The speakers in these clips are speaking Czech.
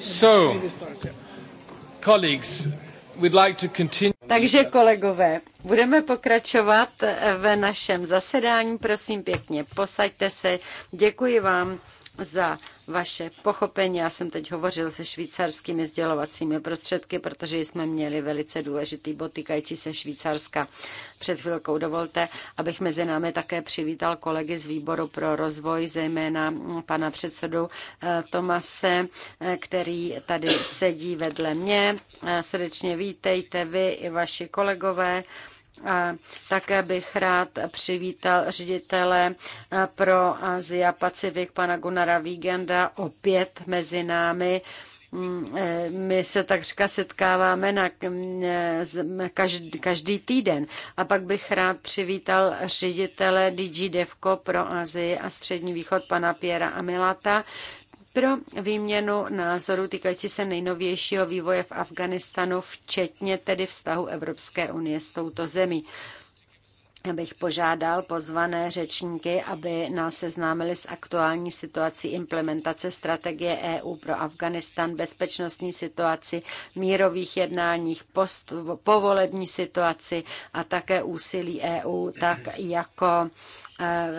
So, colleagues, we'd like to continue. Takže kolegové, budeme pokračovat ve našem zasedání. Prosím pěkně, posaďte se. Děkuji vám za vaše pochopení. Já jsem teď hovořil se švýcarskými sdělovacími prostředky, protože jsme měli velice důležitý bod týkající se Švýcarska. Před chvilkou dovolte, abych mezi námi také přivítal kolegy z výboru pro rozvoj, zejména pana předsedu eh, Tomase, eh, který tady sedí vedle mě. Eh, srdečně vítejte vy i vaši kolegové také bych rád přivítal ředitele eh, pro Asia Pacific, pana Gunara Vígenda, opět mezi námi. Mm, eh, my se takřka setkáváme na eh, každý, každý týden. A pak bych rád přivítal ředitele DG Devco pro Azii a Střední východ, pana Piera Amilata, pro výměnu názoru týkající se nejnovějšího vývoje v Afganistanu, včetně tedy vztahu Evropské unie s touto zemí abych požádal pozvané řečníky, aby nás seznámili s aktuální situací implementace strategie EU pro Afganistan, bezpečnostní situaci, mírových jednáních, post, povolební situaci a také úsilí EU, tak jako Eh,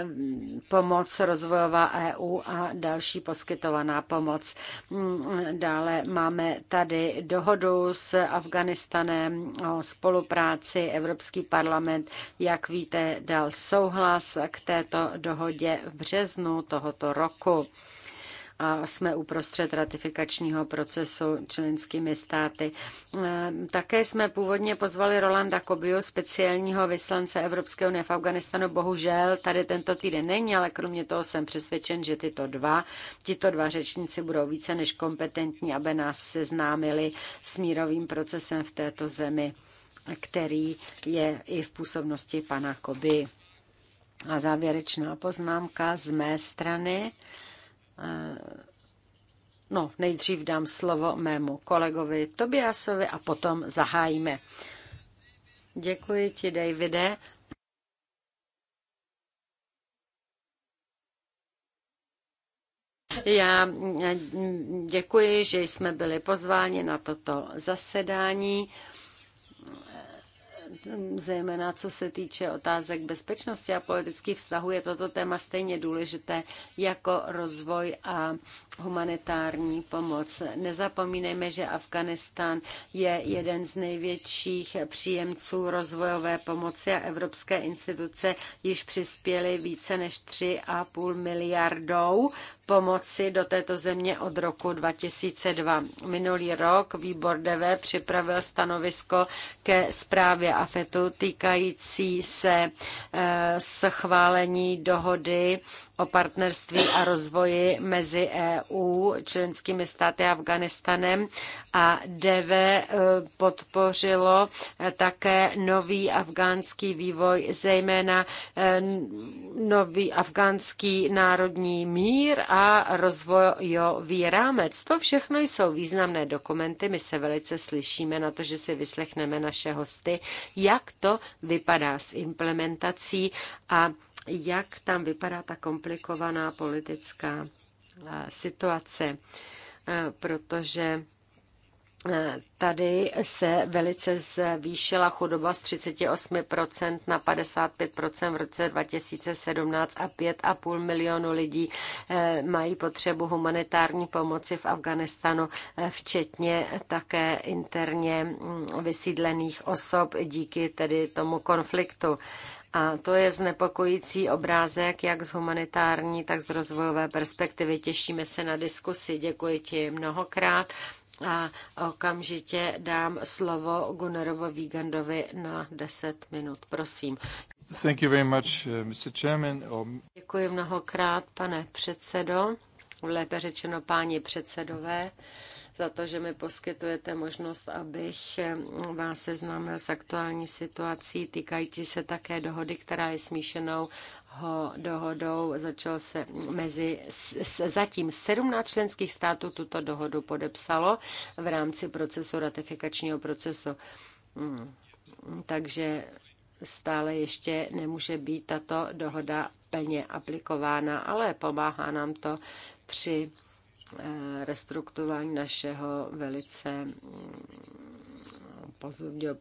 pomoc rozvojová EU a další poskytovaná pomoc. Mm, dále máme tady dohodu s Afganistanem o spolupráci. Evropský parlament, jak víte, dal souhlas k této dohodě v březnu tohoto roku a jsme uprostřed ratifikačního procesu členskými státy. E, také jsme původně pozvali Rolanda Kobiu, speciálního vyslance Evropské unie v Afganistanu. Bohužel tady tento týden není, ale kromě toho jsem přesvědčen, že tyto dva, tyto dva řečníci budou více než kompetentní, aby nás seznámili s mírovým procesem v této zemi který je i v působnosti pana Koby. A závěrečná poznámka z mé strany. Eh, no, nejdřív dám slovo mému kolegovi Tobiasovi a potom zahájíme. Děkuji ti, Davide. Já eh, děkuji, že jsme byli pozváni na toto zasedání zejména co se týče otázek bezpečnosti a politických vztahů, je toto téma stejně důležité jako rozvoj a humanitární pomoc. Nezapomínejme, že Afganistán je jeden z největších příjemců rozvojové pomoci a evropské instituce již přispěly více než 3,5 miliardou pomoci do této země od roku 2002. Minulý rok výbor DV připravil stanovisko ke zprávě AFETu týkající se eh, schválení dohody o partnerství a rozvoji mezi EU, členskými státy a Afganistanem a DV eh, podpořilo eh, také nový afgánský vývoj, zejména eh, nový afgánský národní mír a rozvojový rámec. To všechno jsou významné dokumenty. My se velice slyšíme na to, že si vyslechneme naše hosty, jak to vypadá s implementací a jak tam vypadá ta komplikovaná politická eh, situace, eh, protože eh, Tady se velice zvýšila chudoba z 38% na 55% v roce 2017 a 5,5 milionu lidí mají potřebu humanitární pomoci v Afganistanu, včetně také interně mm, vysídlených osob díky tedy tomu konfliktu. A to je znepokojící obrázek, jak z humanitární, tak z rozvojové perspektivy. Těšíme se na diskusi. Děkuji ti mnohokrát. A okamžitě dám slovo Gunnarovo Vígandovi na 10 minut. Prosím. Thank you very much, uh, Mr. Chairman. Um, Děkuji mnohokrát, pane předsedo, lépe řečeno páni předsedové za to, že mi poskytujete možnost, abych eh, vás seznámil s aktuální situací týkající se také dohody, která je smíšenou ho dohodou začal se mezi s, zatím 17 členských států tuto dohodu podepsalo v rámci procesu ratifikačního procesu. Hmm. Takže stále ještě nemůže být tato dohoda plně aplikována, ale pomáhá nám to při Eh, restruktování našeho velice mm, pozorného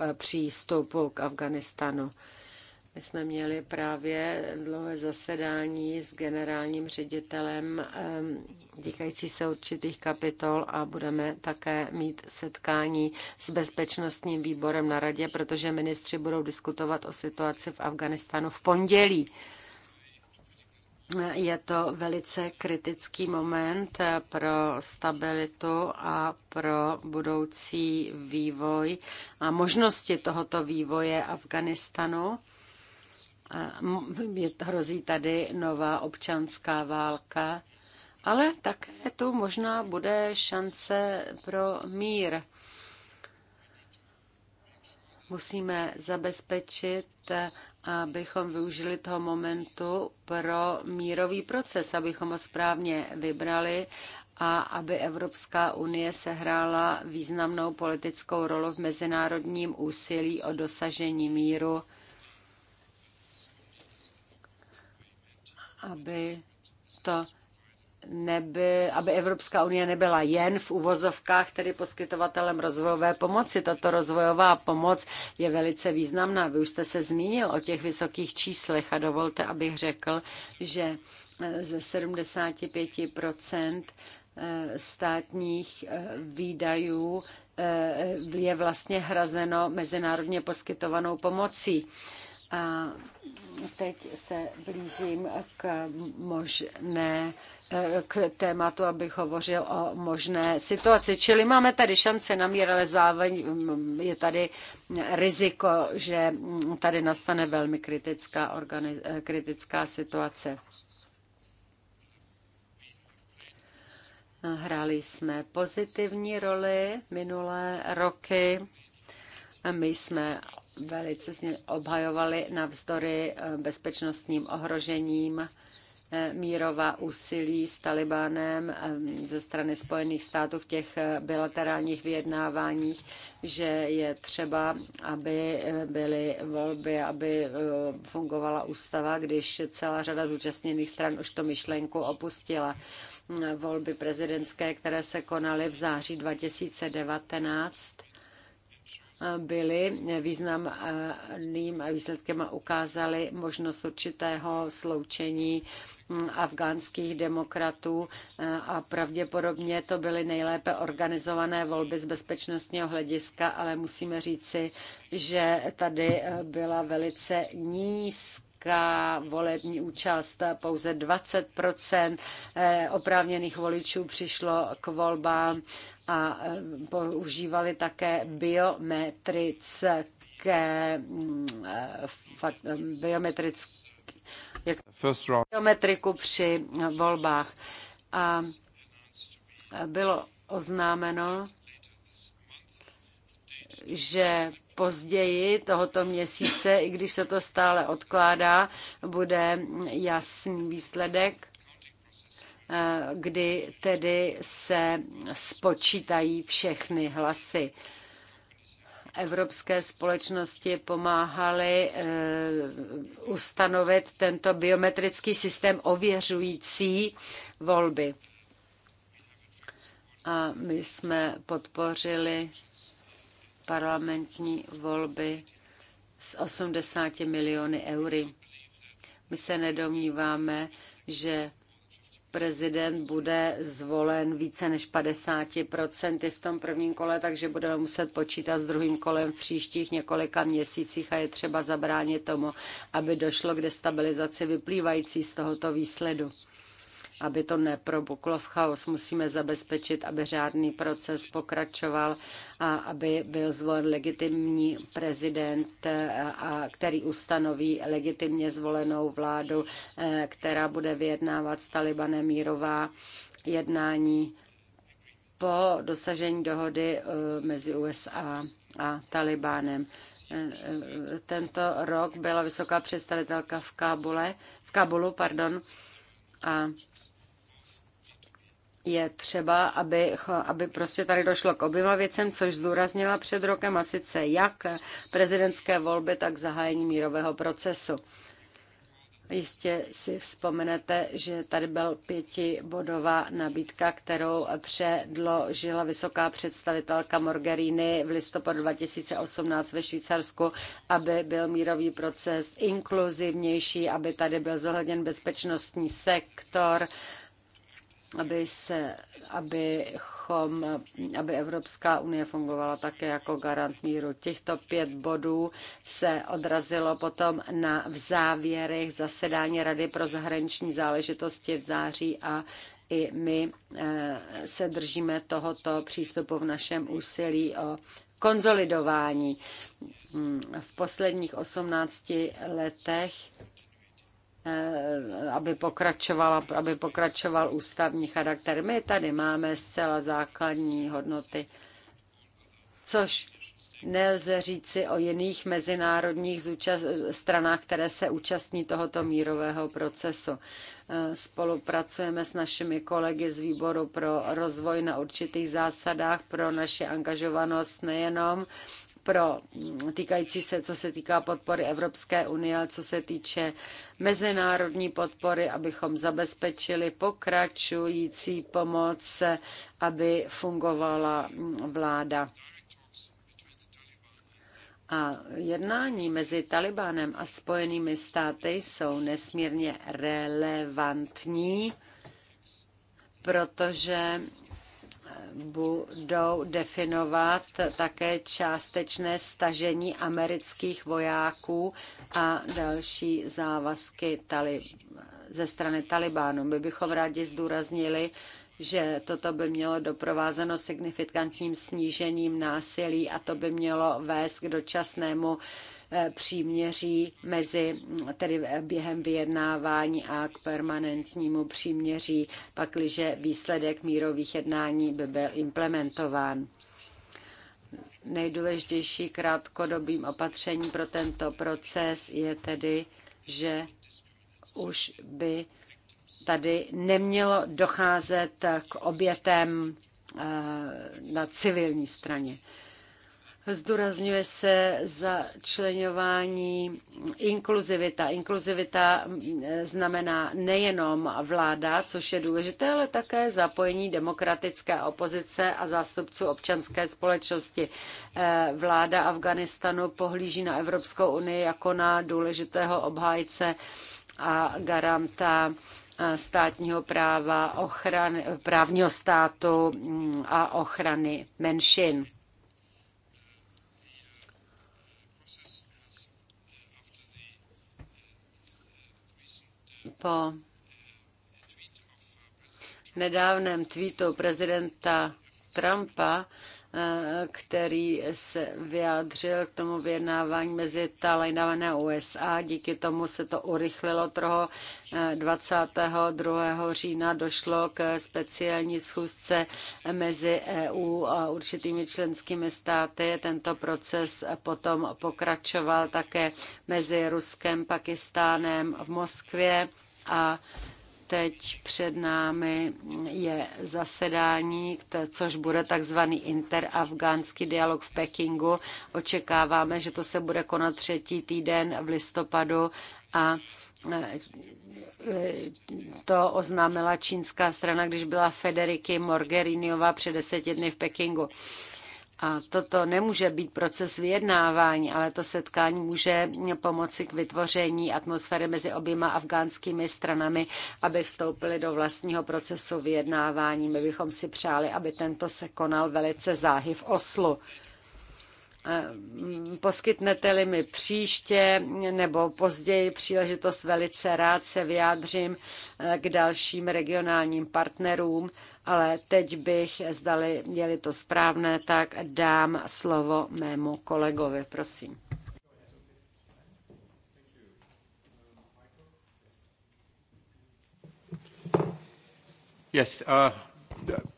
eh, přístupu k Afganistanu. My jsme měli právě dlouhé zasedání s generálním ředitelem eh, týkající se určitých kapitol a budeme také mít setkání s bezpečnostním výborem na radě, protože ministři budou diskutovat o situaci v Afganistanu v pondělí je to velice kritický moment pro stabilitu a pro budoucí vývoj a možnosti tohoto vývoje Afganistanu. Hrozí tady nová občanská válka, ale také tu možná bude šance pro mír. Musíme zabezpečit abychom využili toho momentu pro mírový proces, abychom ho správně vybrali a aby Evropská unie sehrála významnou politickou roli v mezinárodním úsilí o dosažení míru, aby to neby, aby Evropská unie nebyla jen v uvozovkách, tedy poskytovatelem rozvojové pomoci. Tato rozvojová pomoc je velice významná. Vy už jste se zmínil o těch vysokých číslech a dovolte, abych řekl, že ze 75 eh, státních eh, výdajů eh, je vlastně hrazeno mezinárodně poskytovanou pomocí. A teď se blížím k možné, k tématu, abych hovořil o možné situaci. Čili máme tady šance na mír, ale zároveň mm, je tady riziko, že tady nastane velmi kritická, organiz, kritická situace. Hráli jsme pozitivní roli minulé roky my jsme velice obhajovali navzdory eh, bezpečnostním ohrožením eh, mírová úsilí s Talibánem eh, ze strany Spojených států v těch bilaterálních vyjednáváních, že je třeba, aby byly volby, aby fungovala ústava, když celá řada zúčastněných stran už to myšlenku opustila. Volby prezidentské, které se konaly v září 2019, byly významným výsledkem a ukázaly možnost určitého sloučení mm, afgánských demokratů a pravděpodobně to byly nejlépe organizované volby z bezpečnostního hlediska, ale musíme říci, že tady eh, byla velice nízká nízká volební účast. Pouze 20 eh, oprávněných voličů přišlo k volbám a eh, používali také biometrické mm, eh, biometrické biometriku při volbách. A bylo oznámeno, že později tohoto měsíce, i když se to stále odkládá, bude jasný výsledek eh, kdy tedy se spočítají všechny hlasy. Evropské společnosti pomáhaly eh, ustanovit tento biometrický systém ověřující volby. A my jsme podpořili parlamentní volby s 80 miliony eury. My se nedomníváme, že prezident bude zvolen více než 50% v tom prvním kole, takže budeme muset počítat s druhým kolem v příštích několika měsících a je třeba zabránit tomu, aby došlo k destabilizaci vyplývající z tohoto výsledu aby to neprobuklo v chaos. Musíme zabezpečit, aby řádný proces pokračoval a aby byl zvolen legitimní prezident, eh, a který ustanoví legitimně zvolenou vládu, eh, která bude vyjednávat s Talibanem mírová jednání po dosažení dohody eh, mezi USA a Talibánem. Tento rok byla vysoká představitelka v Kábule, v Kabulu, pardon, a je třeba, aby, aby prostě tady došlo k oběma věcem, což zdůraznila před rokem a sice jak prezidentské volby, tak zahájení mírového procesu. Jistě si vzpomenete, že tady byl pětibodová nabídka, kterou předložila vysoká představitelka Morgerini v listopadu 2018 ve Švýcarsku, aby byl mírový proces inkluzivnější, aby tady byl zohledněn bezpečnostní sektor aby se, abychom, aby Evropská unie fungovala také jako garant míru. Těchto pět bodů se odrazilo potom na v závěrech zasedání Rady pro zahraniční záležitosti v září a i my eh, se držíme tohoto přístupu v našem úsilí o konzolidování. V posledních 18 letech Eh, aby, pokračovala, aby pokračoval ústavní charakter. My tady máme zcela základní hodnoty, což nelze říci o jiných mezinárodních stranách, které se účastní tohoto mírového procesu. Eh, spolupracujeme s našimi kolegy z Výboru pro rozvoj na určitých zásadách pro naši angažovanost nejenom pro týkající se, co se týká podpory Evropské unie, co se týče mezinárodní podpory, abychom zabezpečili pokračující pomoc, aby fungovala vláda. A jednání mezi Talibánem a Spojenými státy jsou nesmírně relevantní, protože budou definovat také částečné stažení amerických vojáků a další závazky ze strany Talibánu. My bychom rádi zdůraznili, že toto by mělo doprovázeno signifikantním snížením násilí a to by mělo vést k dočasnému uh, Eh, příměří mezi, mm, tedy eh, během vyjednávání a k permanentnímu příměří, pakliže výsledek mírových jednání by byl implementován. Nejdůležitější krátkodobým opatřením pro tento proces je tedy, že už by tady nemělo docházet k obětem eh, na civilní straně. Zdůrazňuje se začlenování inkluzivita. Inkluzivita mm, e, znamená nejenom vláda, což je důležité, ale také zapojení demokratické opozice a zástupců občanské společnosti. E, vláda Afganistanu pohlíží na Evropskou unii jako na důležitého obhájce a garanta e, státního práva, ochrany, právního státu mm, a ochrany menšin. po nedávném tweetu prezidenta Trumpa, eh, který se vyjádřil k tomu vyjednávání mezi ta a USA. Díky tomu se to urychlilo troho 22. Eh, října došlo k speciální schůzce mezi EU a určitými členskými státy. Tento proces potom pokračoval také mezi Ruskem, Pakistánem v Moskvě a teď před námi je zasedání, což bude takzvaný interafgánský dialog v Pekingu. Očekáváme, že to se bude konat třetí týden v listopadu a e, to oznámila čínská strana, když byla Federiky Morgeriniová před deseti dny v Pekingu. A toto nemůže být proces vyjednávání, ale to setkání může pomoci k vytvoření atmosféry mezi oběma afgánskými stranami, aby vstoupili do vlastního procesu vyjednávání. My bychom si přáli, aby tento se konal velice záhy v Oslu. Eh, poskytnete-li mi příště nebo později příležitost, velice rád se vyjádřím eh, k dalším regionálním partnerům, ale teď bych, zdali je-li to správné, tak dám slovo mému kolegovi, prosím. Yes, uh,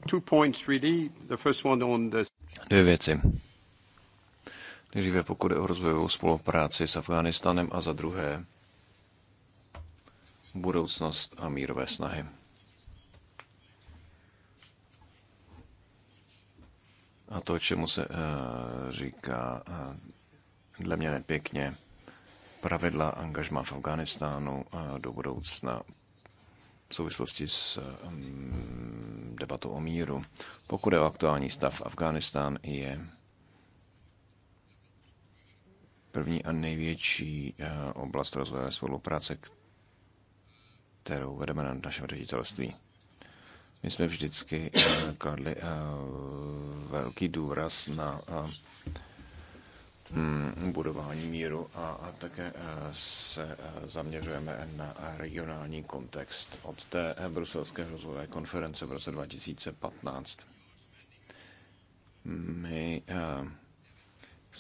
two points really. The first one on the... Dvě věci. Nejdříve pokud je o rozvojovou spolupráci s Afghánistánem a za druhé budoucnost a mírové snahy. A to, čemu se uh, říká uh, dle mě nepěkně, pravidla angažma v Afganistánu uh, eh, do budoucna v souvislosti s um, debatou o míru. Pokud je o aktuální stav, Afghánistán je první a největší eh, oblast rozvoje spolupráce, kterou vedeme na našem ředitelství. My jsme vždycky eh, kladli eh, velký důraz na mm, budování míru a také se zaměřujeme na regionální kontext od té bruselské rozvojové konference v roce 2015. My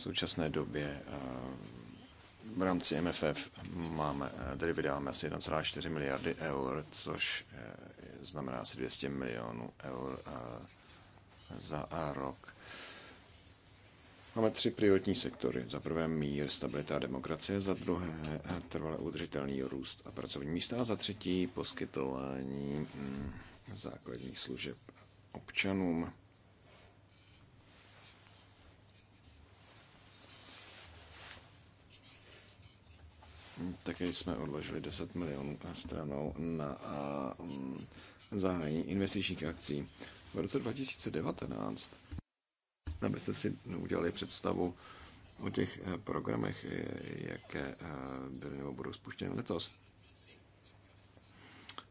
v současné době eh, v rámci MFF máme, eh, tedy vydáváme asi 1,4 miliardy eur, což eh, znamená asi 200 milionů eur za rok. Máme tři prioritní sektory. Za prvé mír, stabilita a demokracie, za druhé trvalé udržitelný růst a pracovní místa a za třetí poskytování hm, základních služeb občanům. také jsme odložili 10 milionů stranou na mm, zahájení investičních akcí. V roce 2019, abyste si udělali představu o těch eh, programech, eh, jaké eh, byly nebo budou spuštěny letos,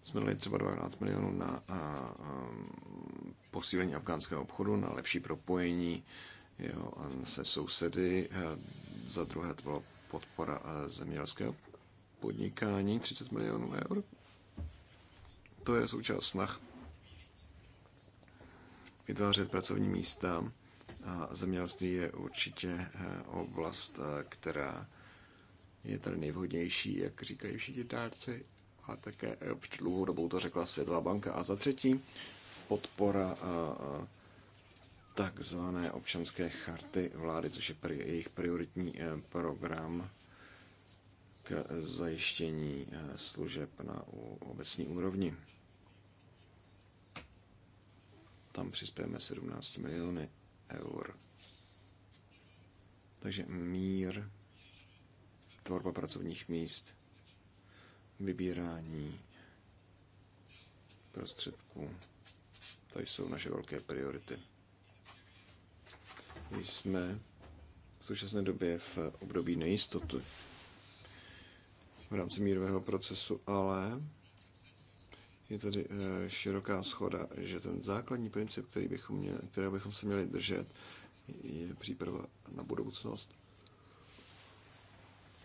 jsme dali třeba 12 milionů na mm, posílení afgánského obchodu, na lepší propojení jo, se sousedy. Za druhé to bylo podpora zemědělského podnikání 30 milionů eur. To je součást snah vytvářet pracovní místa. A zemědělství je určitě eh, oblast, eh, která je tady nejvhodnější, jak říkají všichni dárci, a také před dlouhou to řekla Světová banka. A za třetí, podpora eh, takzvané občanské charty vlády, což je jejich prioritní program zajištění eh, služeb na obecní úrovni. Tam přispějeme 17 miliony eur. Takže mír, tvorba pracovních míst, vybírání prostředků, to jsou naše velké priority. Jsme v současné době v období nejistoty v rámci mírového procesu, ale je tady eh, široká schoda, že ten základní princip, který bychom měli, kterého bychom se měli držet, je příprava na budoucnost.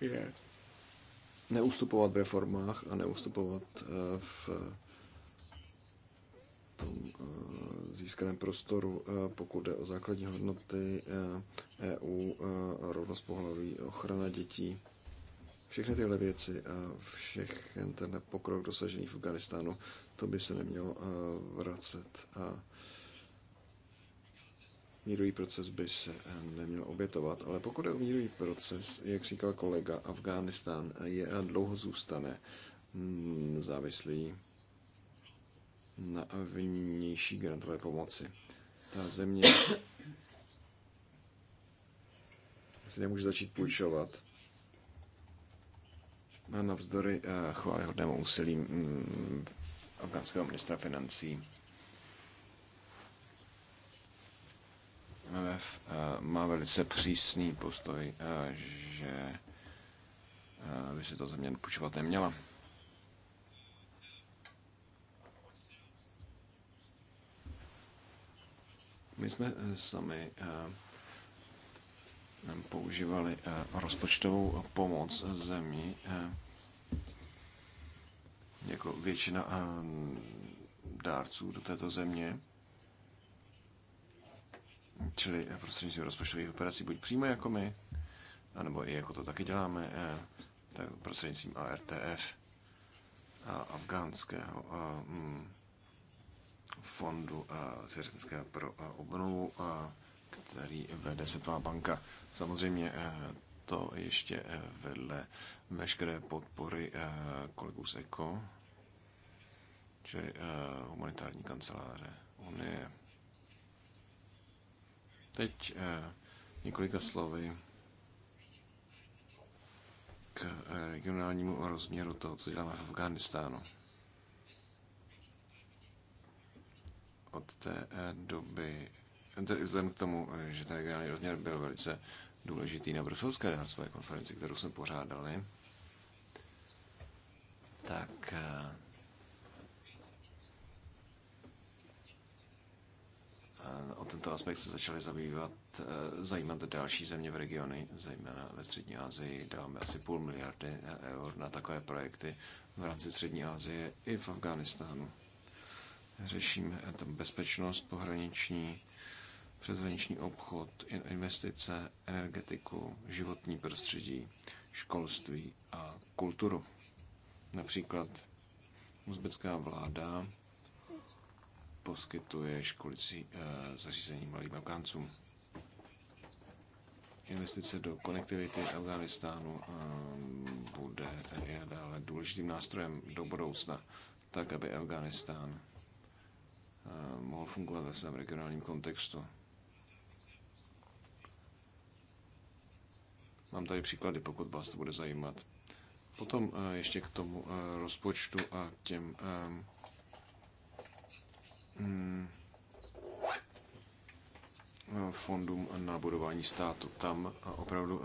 Je neustupovat v reformách a neustupovat eh, v tom eh, získaném prostoru, pokud jde o základní hodnoty EU, e rovnost pohlaví, ochrana dětí, všechny tyhle věci a všechen ten pokrok dosažený v Afganistánu, to by se nemělo eh, vracet a mírový proces by se eh, neměl obětovat. Ale pokud je o mírový proces, jak říkal kolega, Afghánistán je a dlouho zůstane hm, závislý na vnější grantové pomoci. Ta země si nemůže začít půjčovat navzdory eh, chválihodnému úsilí mm, afgánského ministra financí. MMF eh, má velice přísný postoj, eh, že by si to země půjčovat neměla. My jsme sami používali rozpočtovou pomoc zemí jako většina eh, dárců do této země, čili prostřednictvím rozpočtových operací, buď přímo jako my, anebo i jako to taky děláme, eh, tak prostřednictvím ARTF a afgánského a, eh, mm, fondu svěřenské pro obnovu, a, který vede Světová banka. Samozřejmě to ještě eh, vedle veškeré podpory eh, kolegů z ECO, čili eh, humanitární kanceláře Unie. Teď několika slovy k regionálnímu rozměru toho, co děláme v Afghánistánu. Od té doby, tedy vzhledem k tomu, že ten regionální rozměr byl velice důležitý na bruselské dárcové konferenci, kterou jsme pořádali, tak eh, eh, o tento aspekt se začaly zabývat, eh, zajímat další země v regiony, zejména ve Střední Asii. dáváme asi půl miliardy eur na takové projekty v rámci Střední Asie i v Afghánistánu. Řešíme tam bezpečnost pohraniční, přeshraniční obchod, investice, energetiku, životní prostředí, školství a kulturu. Například uzbecká vláda poskytuje školicí eh, zařízení malým Afgáncům. Investice do konektivity Afganistánu eh, bude i nadále důležitým nástrojem do budoucna, tak aby Afganistán eh, mohl fungovat ve svém regionálním kontextu. Mám tady příklady, pokud vás to bude zajímat. Potom eh, ještě k tomu eh, rozpočtu a k těm ehm, hmm, eh, fondům na budování státu. Tam opravdu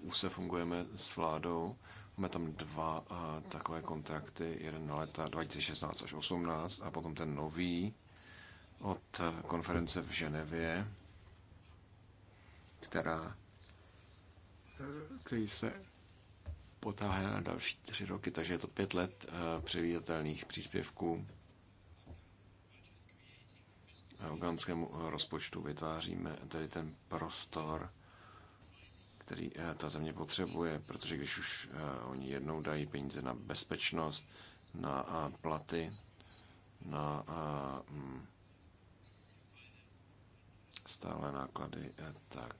už se fungujeme s vládou. Máme tam dva takové kontrakty, jeden na leta 2016 až 18 a potom ten nový od konference v Ženevě, která který se potáhne na další tři roky, takže je to pět let eh, převídatelných příspěvků. Afgánskému eh, rozpočtu vytváříme tedy ten prostor, který eh, ta země potřebuje, protože když už oni jednou dají peníze na bezpečnost, na platy, na mm, stále náklady, tak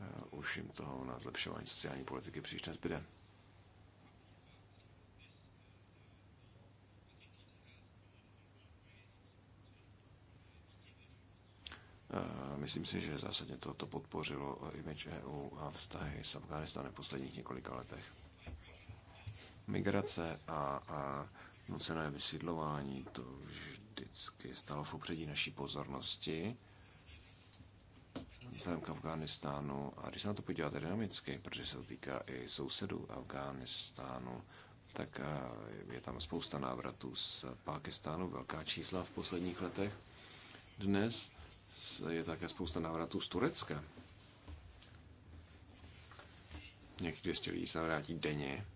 Eh, už jim toho na zlepšování sociální politiky příliš nezbyde. Eh, myslím si, že zásadně toto podpořilo eh, image EU a vztahy s Afganistánem v posledních několika letech. Migrace a, a nucené vysídlování, to vždycky stalo v popředí naší pozornosti vzhledem k Afghánistánu. A když se na to podíváte dynamicky, protože se to týká i sousedů Afghánistánu, tak eh, je tam spousta návratů z Pákistánu, velká čísla v posledních letech. Dnes je také spousta návratů z Turecka. Někdy 200 lidí se vrátí denně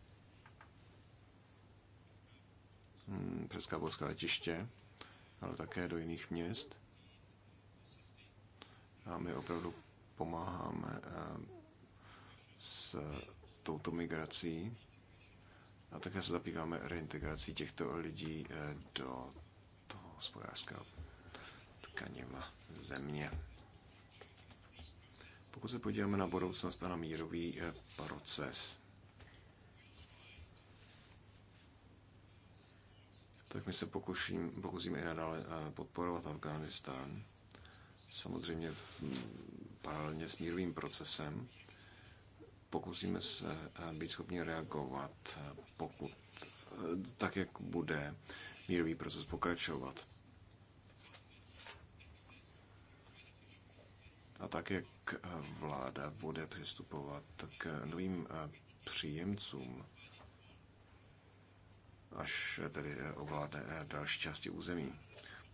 hmm, přes kábulské letiště, ale také do jiných měst. A my opravdu pomáháme eh, s touto migrací a také se zabýváme reintegrací těchto lidí eh, do toho hospodářského tkaněva země. Pokud se podíváme na budoucnost a na mírový eh, proces, tak my se pokusíme i nadále podporovat Afghánistán samozřejmě v, paralelně s mírovým procesem. Pokusíme se eh, být schopni reagovat, eh, pokud eh, tak, jak bude mírový proces pokračovat. A tak, jak vláda bude přistupovat k novým příjemcům, až tedy ovládne další části území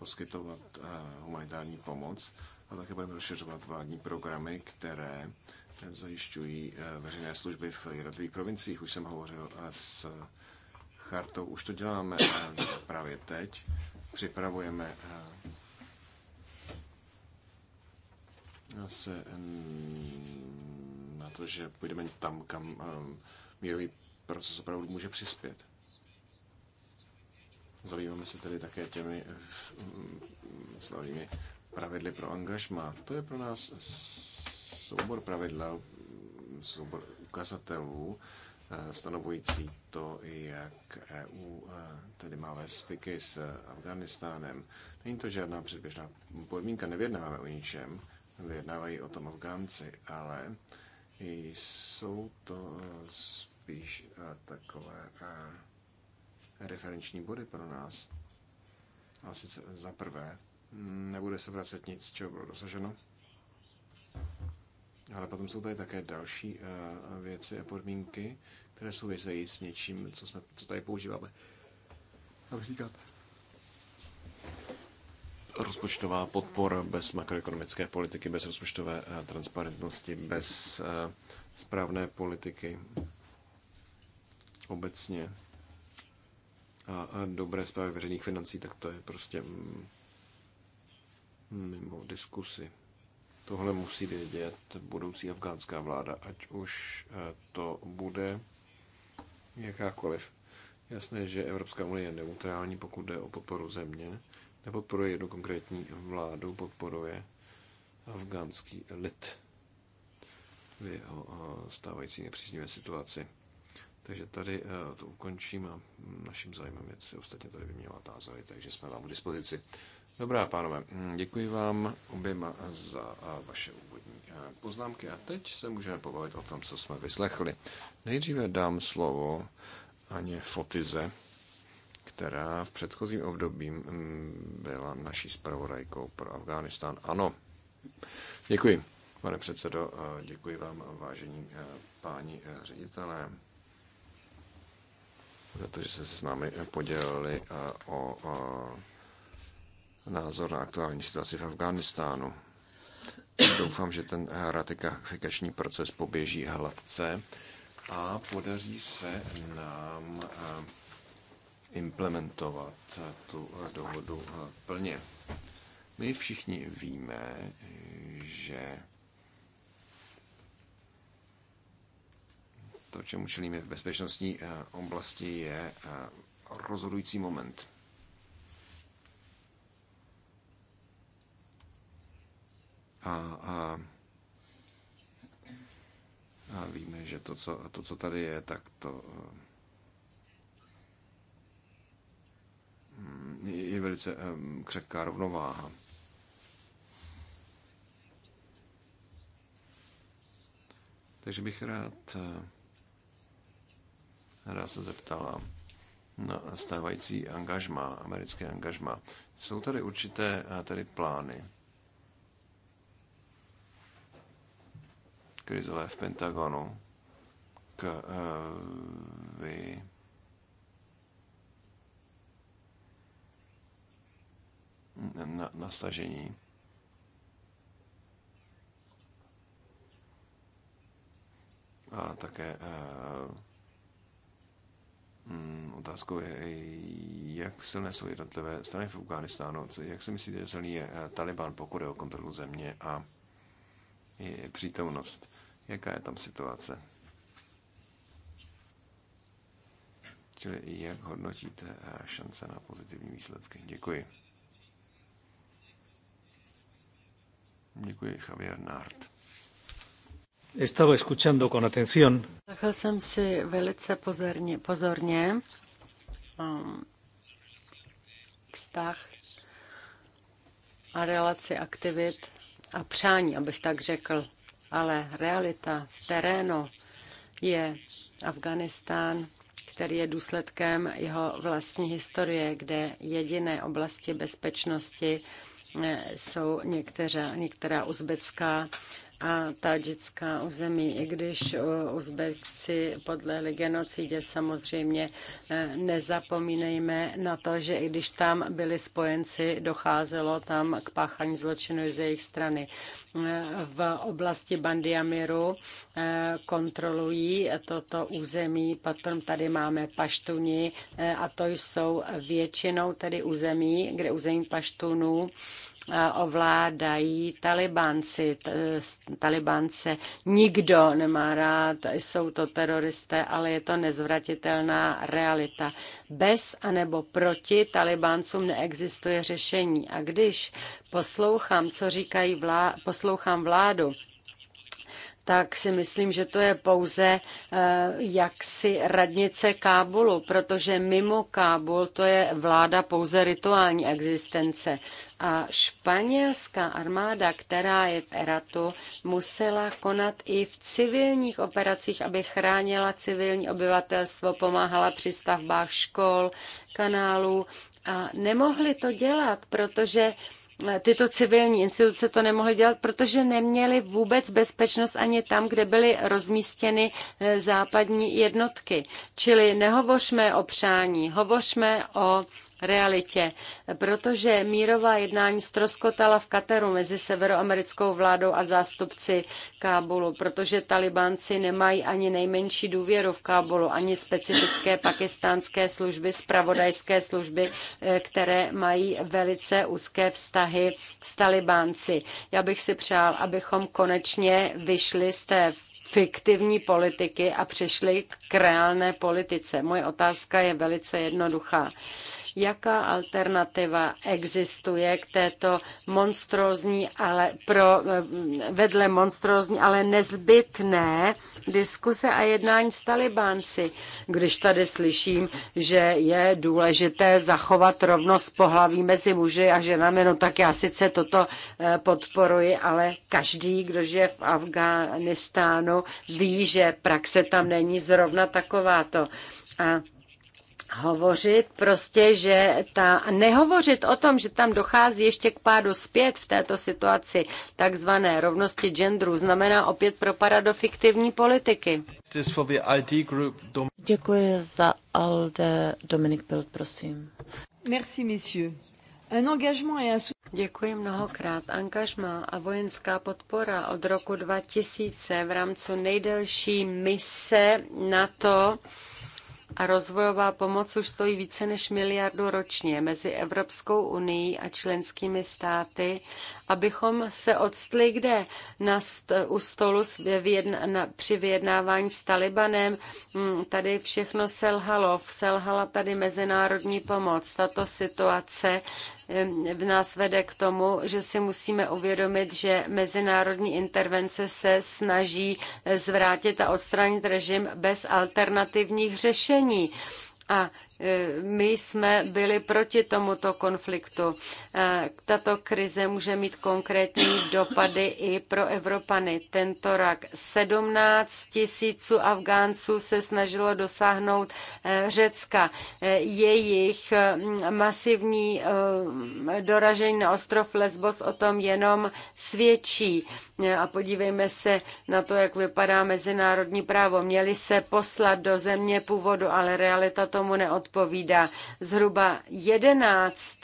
poskytovat eh, humanitární pomoc a také budeme rozšiřovat vládní programy, které zajišťují eh, veřejné služby v jednotlivých provinciích. Už jsem hovořil eh, s chartou, už to děláme právě teď. Připravujeme se mm, na to, že půjdeme tam, kam mírový proces opravdu může přispět. Zabýváme se tedy také těmi eh, mm, slavnými pravidly pro angažma. To je pro nás soubor pravidel, mm, soubor ukazatelů, eh, stanovující to, jak EU eh, tedy má ve styky s Afganistánem. Není to žádná předběžná podmínka, nevědnáváme o ničem, vyjednávají o tom Afgánci, ale jsou to spíš takové referenční body pro nás. A sice za prvé, nebude se vracet nic, čeho bylo dosaženo. Ale potom jsou tady také další eh, věci a podmínky, které souvisejí s něčím, co, jsme, co tady používáme. Například rozpočtová podpora bez makroekonomické politiky, bez rozpočtové eh, transparentnosti, bez eh, správné politiky obecně a, a dobré zprávy veřejných financí, tak to je prostě mm, mimo diskusy. Tohle musí vědět budoucí afgánská vláda, ať už e, to bude jakákoliv. Jasné, že Evropská unie je neutrální, pokud jde o podporu země. Nepodporuje jednu konkrétní vládu, podporuje afgánský lid v jeho e, stávající nepříznivé situaci. Takže tady eh, to ukončím a naším zájmem je si ostatně tady vyměňovat názory, takže jsme vám k dispozici. Dobrá, pánové, hm, děkuji vám oběma za eh, vaše úvodní eh, poznámky a teď se můžeme pobavit o tom, co jsme vyslechli. Nejdříve dám slovo Aně Fotize, která v předchozím období hm, byla naší zpravodajkou pro Afghánistán. Ano, děkuji. Pane předsedo, děkuji vám, vážení páni ředitelé za to, že jste se s námi podělili o názor na aktuální situaci v Afghánistánu. Doufám, že ten ratifikační proces poběží hladce a podaří se nám implementovat tu dohodu plně. My všichni víme, že to, čemu čelíme v bezpečnostní eh, oblasti, je eh, rozhodující moment. A, a, a víme, že to co, to, co tady je, tak to eh, je velice křehká rovnováha. Takže bych rád rád se zeptala na stávající angažma, americké angažma. Jsou tady určité eh, tady plány, krizové v Pentagonu k eh, vy na, na stažení. A také uh, Mm, otázkou je, eh, jak silné jsou jednotlivé strany v Afganistánu. Jak si myslíte, že silný je eh, Taliban, pokud je o kontrolu země a je přítomnost? Jaká je tam situace? Čili jak hodnotíte eh, šance na pozitivní výsledky? Děkuji. Děkuji, Javier Nart. Estaba escuchando con atención. Slyšel jsem si velice pozorně, pozorně um, vztah a relaci aktivit a přání, abych tak řekl. Ale realita v terénu je Afganistán, který je důsledkem jeho vlastní historie, kde jediné oblasti bezpečnosti eh, jsou některá, některá uzbecká a tadžická území, i když Uzbekci podlehli genocidě samozřejmě eh, nezapomínejme na to, že i když tam byli spojenci, docházelo tam k páchání zločinu z jejich strany. Eh, v oblasti Bandiamiru eh, kontrolují toto území, potom tady máme Paštuni a to jsou většinou tedy území, kde území Paštunů Eh, ovládají talibánci, eh, talibánce. Nikdo nemá rád, jsou to teroristé, ale je to nezvratitelná realita. Bez anebo proti talibáncům neexistuje řešení. A když poslouchám, co říkají vlá, poslouchám vládu, tak si myslím, že to je pouze eh, jaksi radnice Kábulu, protože mimo Kábul to je vláda pouze rituální existence. A španělská armáda, která je v Eratu, musela konat i v civilních operacích, aby chránila civilní obyvatelstvo, pomáhala při stavbách škol, kanálů. A nemohli to dělat, protože Eh, tyto civilní instituce to nemohly dělat, protože neměly vůbec bezpečnost ani tam, kde byly rozmístěny eh, západní jednotky. Čili nehovořme o přání, hovořme o realitě, protože mírová jednání stroskotala v Kataru mezi severoamerickou vládou a zástupci Kábulu, protože talibánci nemají ani nejmenší důvěru v Kábulu, ani specifické pakistánské služby, spravodajské služby, eh, které mají velice úzké vztahy s talibánci. Já bych si přál, abychom konečně vyšli z té fiktivní politiky a přešli k reálné politice. Moje otázka je velice jednoduchá. Jaká alternativa existuje k této monstrózní, ale pro eh, vedle monstrózní, ale nezbytné diskuse a jednání s talibánci, když tady slyším, že je důležité zachovat rovnost pohlaví mezi muži a ženami, no tak já sice toto eh, podporuji, ale každý, kdo žije v Afghánistánu, ví, že praxe tam není zrovna takováto. A hovořit prostě, že ta, nehovořit o tom, že tam dochází ještě k pádu zpět v této situaci takzvané rovnosti genderů, znamená opět pro do fiktivní politiky. Děkuji za Alde. Dominik Pilt, prosím. Merci, messieurs. Děkuji mnohokrát. Angažma a vojenská podpora od roku 2000 v rámci nejdelší mise NATO to a rozvojová pomoc už stojí více než miliardu ročně mezi Evropskou unii a členskými státy abychom se odstli kde? Na st- u stolu s vyjedna- na, při vyjednávání s Talibanem. Hmm, tady všechno selhalo. Selhala tady mezinárodní pomoc. Tato situace v nás vede k tomu, že si musíme uvědomit, že mezinárodní intervence se snaží eh, zvrátit a odstranit režim bez alternativních řešení. A my jsme byli proti tomuto konfliktu. E, tato krize může mít konkrétní dopady i pro Evropany. Tento rak 17 tisíců Afgánců se snažilo dosáhnout e, Řecka. E, jejich masivní doražení na ostrov Lesbos o tom jenom svědčí. A podívejme se na to, jak vypadá mezinárodní právo. Měli se poslat do země původu, ale realita tomu neodpovídá odpovídá. Zhruba 11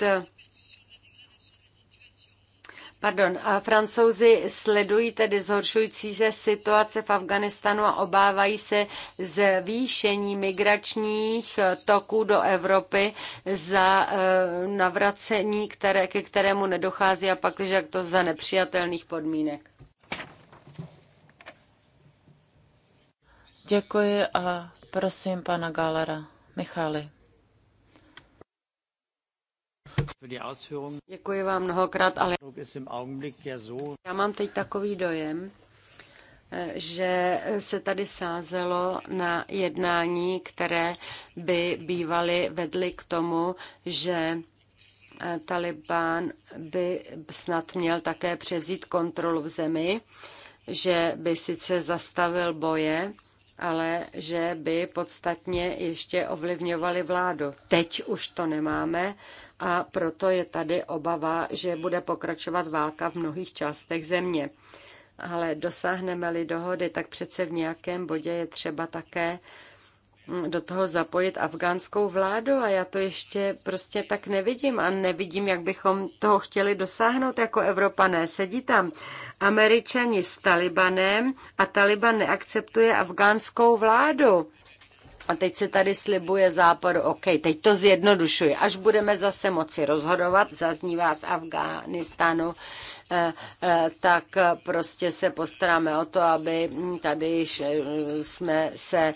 Pardon, a francouzi sledují tedy zhoršující se situace v Afganistanu a obávají se zvýšení migračních toků do Evropy za eh, navracení, které, ke kterému nedochází a pak, že to za nepřijatelných podmínek. Děkuji a prosím pana Galera. Michali. Děkuji vám mnohokrát, ale já mám teď takový dojem, že se tady sázelo na jednání, které by bývaly vedly k tomu, že eh, Taliban by snad měl také převzít kontrolu v zemi, že by sice zastavil boje, ale že by podstatně ještě ovlivňovali vládu. Teď už to nemáme a proto je tady obava, že bude pokračovat válka v mnohých částech země. Ale dosáhneme-li dohody, tak přece v nějakém bodě je třeba také do toho zapojit afgánskou vládu a já to ještě prostě tak nevidím a nevidím, jak bychom toho chtěli dosáhnout jako Evropané. Sedí tam američani s Talibanem a Taliban neakceptuje afgánskou vládu. A teď se tady slibuje západu, OK, teď to zjednodušuji. Až budeme zase moci rozhodovat, zaznívá z Afghánistánu, eh, eh, tak prostě se postaráme o to, aby tady eh, jsme se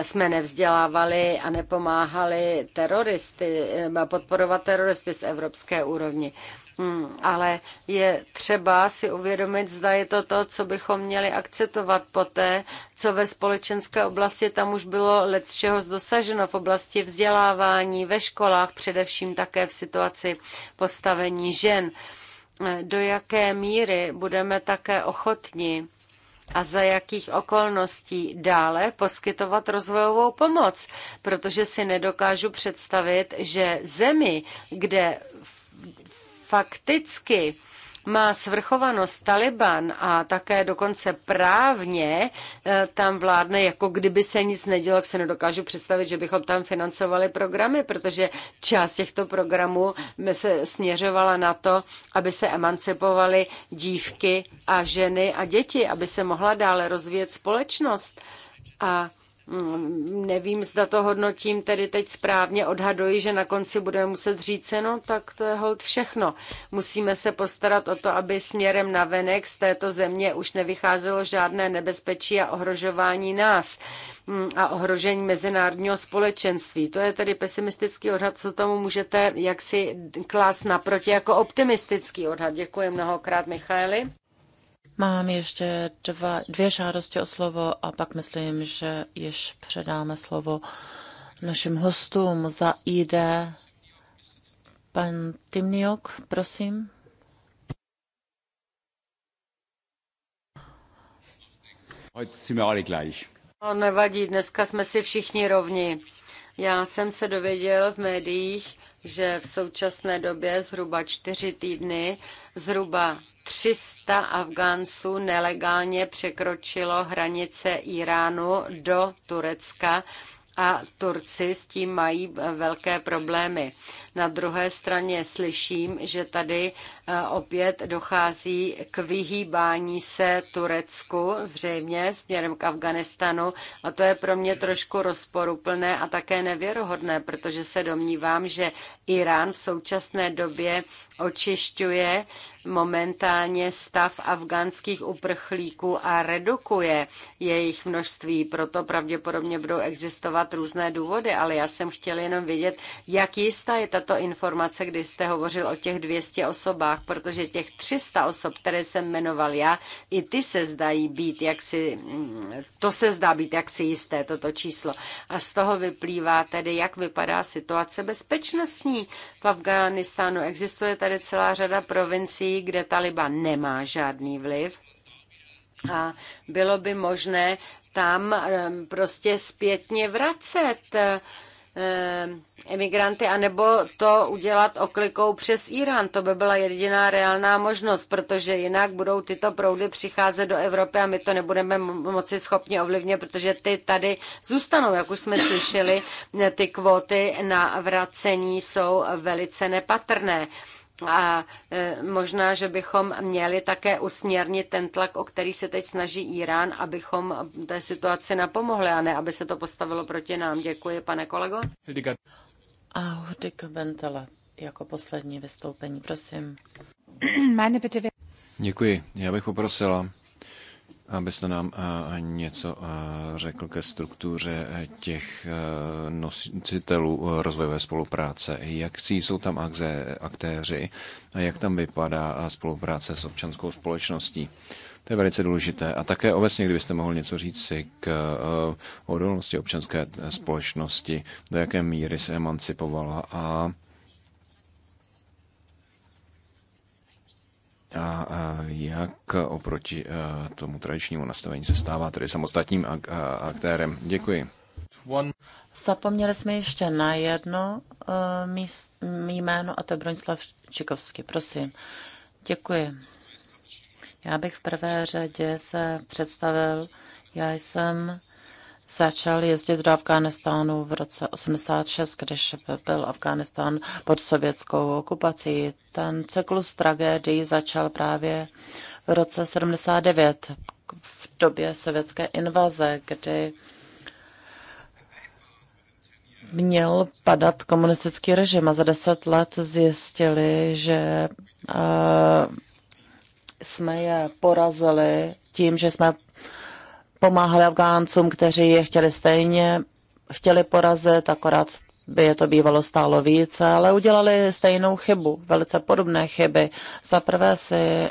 jsme nevzdělávali a nepomáhali teroristy, eh, podporovat teroristy z evropské úrovni. Hmm, ale je třeba si uvědomit, zda je to to, co bychom měli akceptovat poté, co ve společenské oblasti tam už bylo let čeho dosaženo v oblasti vzdělávání, ve školách, především také v situaci postavení žen. Eh, do jaké míry budeme také ochotni a za jakých okolností dále poskytovat rozvojovou pomoc, protože si nedokážu představit, že zemi, kde fakticky má svrchovanost Taliban a také dokonce právně eh, tam vládne, jako kdyby se nic nedělo, tak se nedokážu představit, že bychom tam financovali programy, protože část těchto programů se směřovala na to, aby se emancipovaly dívky a ženy a děti, aby se mohla dále rozvíjet společnost. A Mm, nevím, zda to hodnotím tedy teď správně, odhaduji, že na konci budeme muset říct, no tak to je hold všechno. Musíme se postarat o to, aby směrem na venek z této země už nevycházelo žádné nebezpečí a ohrožování nás mm, a ohrožení mezinárodního společenství. To je tedy pesimistický odhad, co tomu můžete jaksi klás naproti jako optimistický odhad. Děkuji mnohokrát, Michaeli. Mám ještě dva, dvě žádosti o slovo a pak myslím, že již předáme slovo našim hostům za ID. Pan Timniok, prosím. Heute sind wir alle gleich. No, nevadí, dneska jsme si všichni rovni. Já jsem se dověděl v médiích, že v současné době zhruba čtyři týdny zhruba 300 Afgánců nelegálně překročilo hranice Iránu do Turecka a Turci s tím mají velké problémy. Na druhé straně slyším, že tady eh, opět dochází k vyhýbání se Turecku, zřejmě směrem k Afganistanu, a to je pro mě trošku rozporuplné a také nevěrohodné, protože se domnívám, že Irán v současné době očišťuje momentálně stav afgánských uprchlíků a redukuje jejich množství. Proto pravděpodobně budou existovat různé důvody, ale já jsem chtěl jenom vědět, jak jistá je tato informace, kdy jste hovořil o těch 200 osobách, protože těch 300 osob, které jsem jmenoval já, i ty se zdají být, jak si, to se zdá být jaksi jisté, toto číslo. A z toho vyplývá tedy, jak vypadá situace bezpečnostní v Afghánistánu. Existuje tady celá řada provincií, Sýrii, kde Taliban nemá žádný vliv. A bylo by možné tam eh, prostě zpětně vracet eh, emigranty, anebo to udělat oklikou přes Irán. To by byla jediná reálná možnost, protože jinak budou tyto proudy přicházet do Evropy a my to nebudeme moci schopni ovlivnit, protože ty tady zůstanou, jak už jsme slyšeli, ty kvóty na vracení jsou velice nepatrné. A e, možná, že bychom měli také usměrnit ten tlak, o který se teď snaží Irán, abychom té situaci napomohli a ne, aby se to postavilo proti nám. Děkuji, pane kolego. A Hudika Bentele, jako poslední vystoupení, prosím. Děkuji. Já bych poprosila abyste nám eh, něco eh, řekl ke struktuře eh, těch nositelů rozvojové spolupráce. Jak jsou tam aktéři a jak tam vypadá spolupráce s občanskou společností? To je velice důležité. A také obecně, kdybyste mohl něco říct si k odolnosti občanské společnosti, do jaké míry se emancipovala a a jak oproti tomu tradičnímu nastavení se stává tedy samostatním aktérem. Děkuji. Zapomněli jsme ještě na jedno e, mý, mý jméno a to je Bronislav Čikovský. Prosím. Děkuji. Já bych v prvé řadě se představil. Já jsem začal jezdit do Afghánistánu v roce 86, když byl Afghánistán pod sovětskou okupací. Ten cyklus tragédií začal právě v roce 79, v době sovětské invaze, kdy měl padat komunistický režim a za deset let zjistili, že uh, jsme je porazili tím, že jsme pomáhali Afgáncům, kteří je chtěli stejně, chtěli porazit, akorát by je to bývalo stálo více, ale udělali stejnou chybu, velice podobné chyby. Za prvé si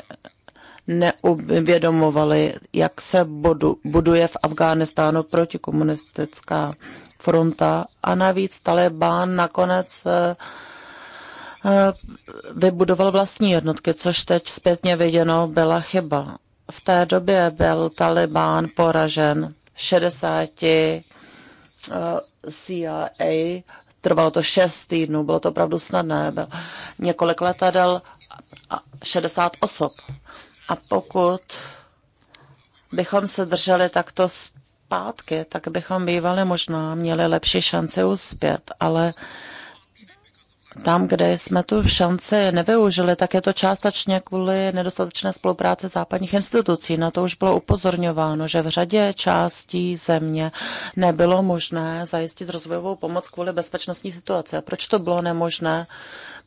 neuvědomovali, jak se budu, buduje v Afghánistánu protikomunistická fronta a navíc Taliban nakonec eh, eh, vybudoval vlastní jednotky, což teď zpětně viděno byla chyba v té době byl Taliban poražen 60 eh, CIA. Trvalo to 6 týdnů, bylo to opravdu snadné. Byl několik letadel a 60 osob. A pokud bychom se drželi takto zpátky, tak bychom bývali možná měli lepší šanci uspět, ale uh, tam, kde jsme tu šanci nevyužili, tak je to částečně kvůli nedostatečné spolupráce západních institucí. Na to už bylo upozorňováno, že v řadě částí země nebylo možné zajistit rozvojovou pomoc kvůli bezpečnostní situaci. A proč to bylo nemožné?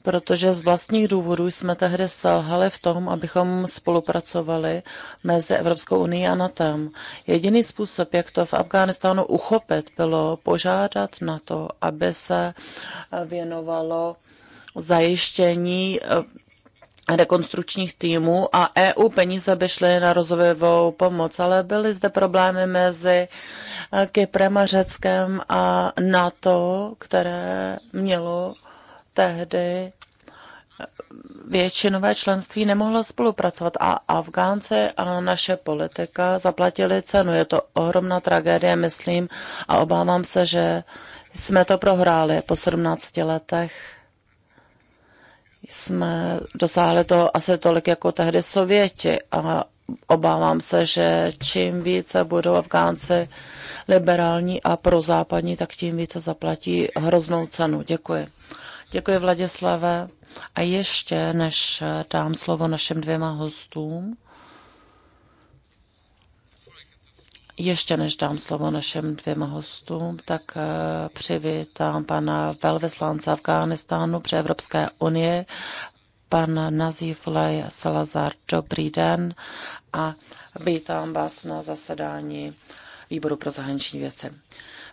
Protože z vlastních důvodů jsme tehdy selhali v tom, abychom spolupracovali mezi Evropskou unii a NATO. Jediný způsob, jak to v Afghánistánu uchopit, bylo požádat na to, aby se věnovalo zajištění eh, rekonstručních týmů a EU peníze by šly na rozvojovou pomoc, ale byly zde problémy mezi eh, Kyprem a Řeckem a NATO, které mělo tehdy eh, většinové členství nemohlo spolupracovat a Afgánci a naše politika zaplatili cenu. Je to ohromná tragédie, myslím, a obávám se, že jsme to prohráli po 17 letech jsme dosáhli toho asi tolik jako tehdy Sověti a obávám se, že čím více budou Afgánci liberální a prozápadní, tak tím více zaplatí hroznou cenu. Děkuji. Děkuji Vladislave. A ještě, než dám slovo našim dvěma hostům, Ještě než dám slovo našim dvěma hostům, tak eh, přivítám pana velvyslance Afghánistánu při Evropské unie, pan Lej Salazar. Dobrý den a vítám vás na zasedání výboru pro zahraniční věci.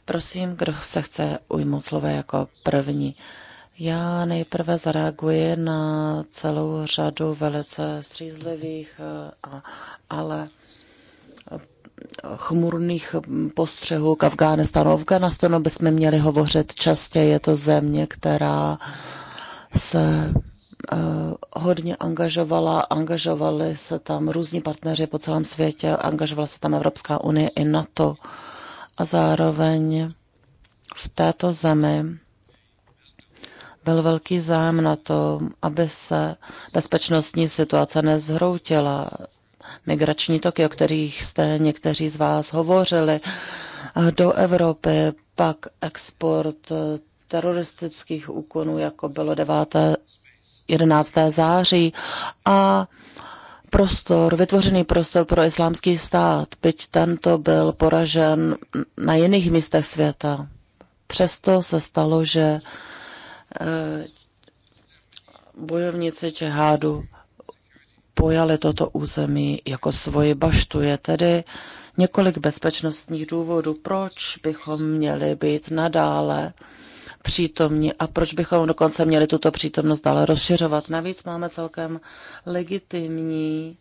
Prosím, kdo se chce ujmout slova jako první. Já nejprve zareaguji na celou řadu velice střízlivých, eh, ale chmurných postřehů k Afghánistánu. O Afganistánu bychom měli hovořit častěji. Je to země, která se eh, hodně angažovala, angažovali se tam různí partneři po celém světě, angažovala se tam Evropská unie i NATO. A zároveň v této zemi byl velký zájem na tom, aby se bezpečnostní situace nezhroutila migrační toky, o kterých jste někteří z vás hovořili, do Evropy, pak export eh, teroristických úkonů, jako bylo 9. 11. září a prostor, vytvořený prostor pro islámský stát, byť tento byl poražen na jiných místech světa. Přesto se stalo, že eh, bojovníci Čehádu pojali toto území jako svoji baštu. Je tedy několik bezpečnostních důvodů, proč bychom měli být nadále přítomní a proč bychom dokonce měli tuto přítomnost dále rozšiřovat. Navíc máme celkem legitimní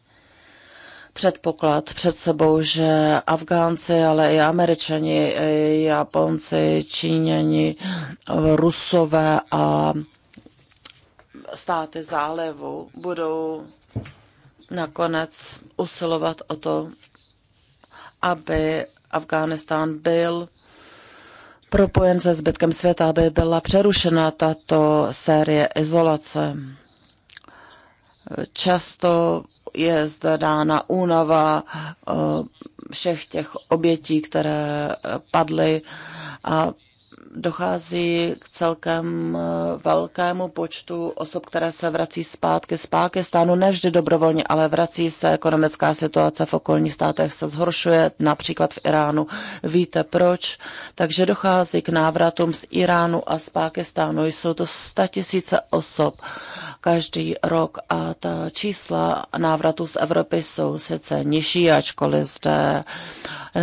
předpoklad před sebou, že Afgánci, ale i Američani, i Japonci, Číňani, Rusové a státy zálevu budou nakonec usilovat o to, aby Afghánistán byl propojen se zbytkem světa, aby byla přerušena tato série izolace. Často je zde dána únava eh, všech těch obětí, které eh, padly a dochází k celkem eh, velkému počtu osob, které se vrací zpátky z Pákistánu, nevždy dobrovolně, ale vrací se. Ekonomická situace v okolních státech se zhoršuje, například v Iránu. Víte proč? Takže dochází k návratům z Iránu a z Pákistánu. Jsou to tisíce osob každý rok a ta čísla návratů z Evropy jsou sice nižší, ačkoliv zde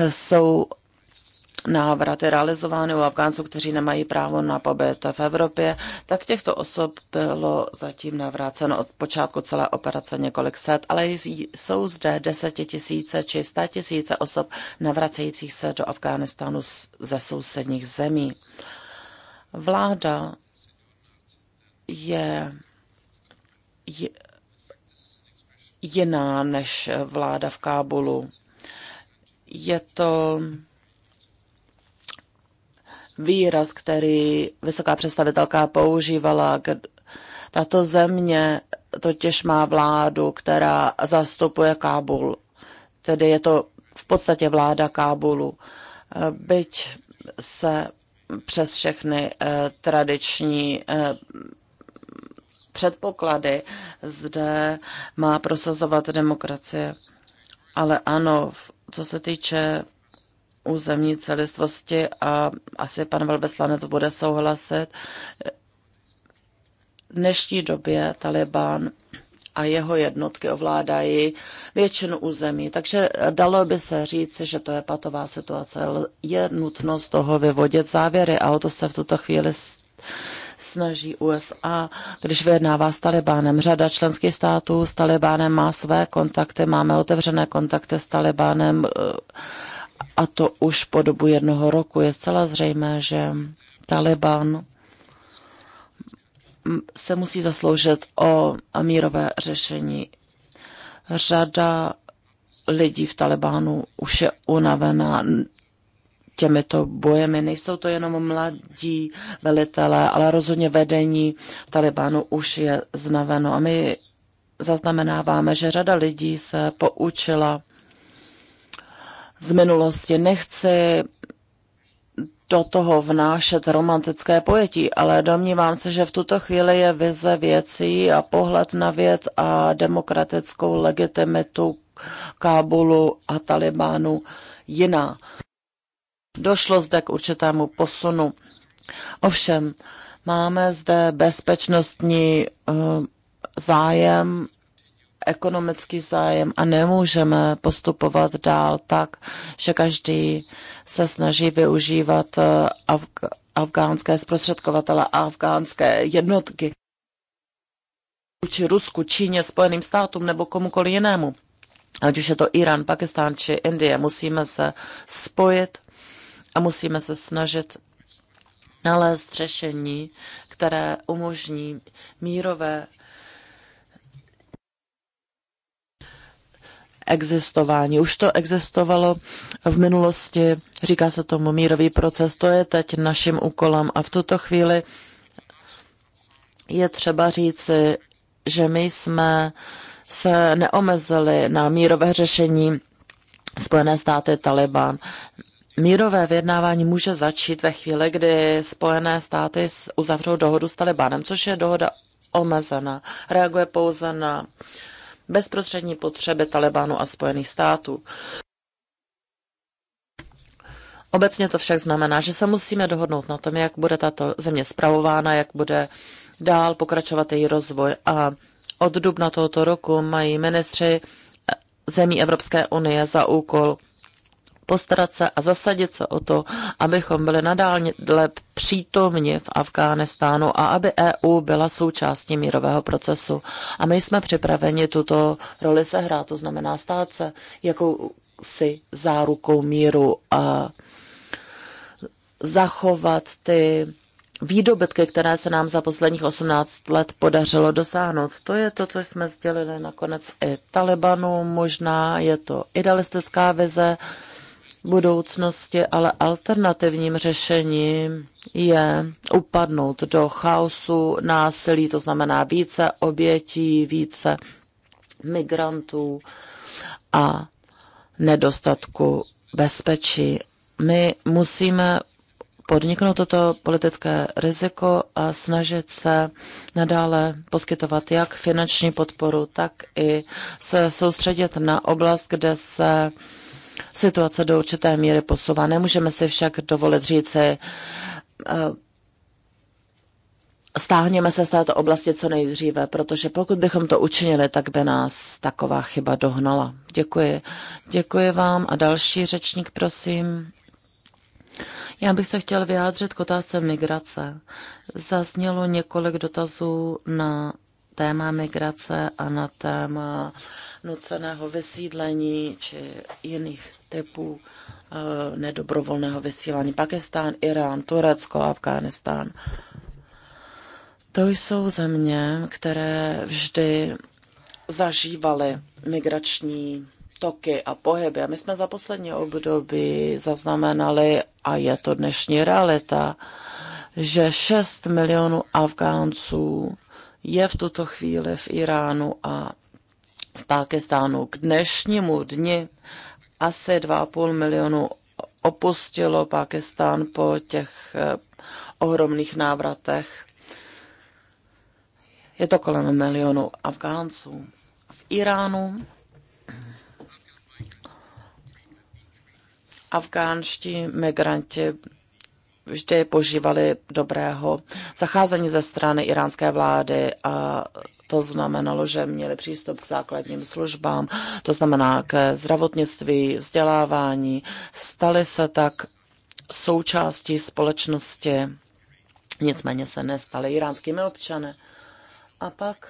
jsou návraty realizovány u Afgánců, kteří nemají právo na pobyt v Evropě, tak těchto osob bylo zatím navráceno od počátku celé operace několik set, ale jsou zde desetitisíce či tisíce osob navracejících se do Afghánistánu ze sousedních zemí. Vláda je, je jiná než vláda v Kábulu. Je to výraz, který vysoká představitelka používala. Tato země totiž má vládu, která zastupuje Kábul. Tedy je to v podstatě vláda Kábulu. Byť se přes všechny eh, tradiční eh, předpoklady zde má prosazovat demokracie. Ale ano, co se týče územní celistvosti a asi pan velvyslanec bude souhlasit. V dnešní době Taliban a jeho jednotky ovládají většinu území. Takže dalo by se říct, že to je patová situace. Je nutno z toho vyvodit závěry a o to se v tuto chvíli snaží USA, když vyjednává s Talibánem. Řada členských států s Talibánem má své kontakty, máme otevřené kontakty s Talibánem eh, a to už po dobu jednoho roku. Je zcela zřejmé, že Taliban se musí zasloužit o mírové řešení. Řada lidí v Talibánu už je unavená těmito bojemi. Nejsou to jenom mladí velitelé, ale rozhodně vedení Talibánu už je znaveno. A my zaznamenáváme, že řada lidí se poučila z minulosti. Nechci do toho vnášet romantické pojetí, ale domnívám se, že v tuto chvíli je vize věcí a pohled na věc a demokratickou legitimitu Kábulu a Talibánu jiná. Došlo zde k určitému posunu. Ovšem, máme zde bezpečnostní eh, zájem ekonomický zájem a nemůžeme postupovat dál tak, že každý se snaží využívat eh, Afg- afgánské zprostředkovatele a afgánské jednotky či Rusku, Číně, Spojeným státům nebo komukoli jinému. Ať už je to Irán, Pakistán či Indie, musíme se spojit a musíme se snažit nalézt řešení, které umožní mírové existování. Už to existovalo v minulosti, říká se tomu mírový proces, to je teď naším úkolem a v tuto chvíli je třeba říci, že my jsme se neomezili na mírové řešení Spojené státy Taliban. Mírové vyjednávání může začít ve chvíli, kdy Spojené státy uzavřou dohodu s Talibanem, což je dohoda omezená. Reaguje pouze na uh, bezprostřední potřeby Talibánu a Spojených států. Obecně to však znamená, že se musíme dohodnout na tom, jak bude tato země spravována, jak bude dál pokračovat její rozvoj. A od dubna tohoto roku mají ministři zemí Evropské unie za úkol postarat se a zasadit se o to, abychom byli nadále přítomni v Afghánistánu a aby EU byla součástí mírového procesu. A my jsme připraveni tuto roli sehrát, to znamená stát se jakousi zárukou míru a zachovat ty výdobytky, které se nám za posledních 18 let podařilo dosáhnout. To je to, co jsme sdělili nakonec i Talibanu. Možná je to idealistická vize, budoucnosti, ale alternativním řešením je upadnout do chaosu, násilí, to znamená více obětí, více migrantů a nedostatku bezpečí. My musíme podniknout toto politické riziko a snažit se nadále poskytovat jak finanční podporu, tak i se soustředit na oblast, kde se situace do určité míry posouvá. Nemůžeme si však dovolit říct, si, eh, stáhněme se z této oblasti co nejdříve, protože pokud bychom to učinili, tak by nás taková chyba dohnala. Děkuji. Děkuji vám a další řečník, prosím. Já bych se chtěl vyjádřit k otázce migrace. Zaznělo několik dotazů na téma migrace a na téma nuceného vysídlení či jiných typů eh, nedobrovolného vysílání. Pakistán, Irán, Turecko, Afghánistán. To jsou země, které vždy zažívaly migrační toky a pohyby. A my jsme za poslední období zaznamenali, a je to dnešní realita, že 6 milionů Afgánců je v tuto chvíli v Iránu a v Pákistánu. K dnešnímu dni asi 2,5 milionu opustilo Pákistán po těch eh, ohromných návratech. Je to kolem milionu Afgánců. V Iránu afgánští migranti vždy požívali dobrého zacházení ze strany iránské vlády a to znamenalo, že měli přístup k základním službám, to znamená ke zdravotnictví, vzdělávání. Stali se tak součástí společnosti, nicméně se nestali iránskými občany. A pak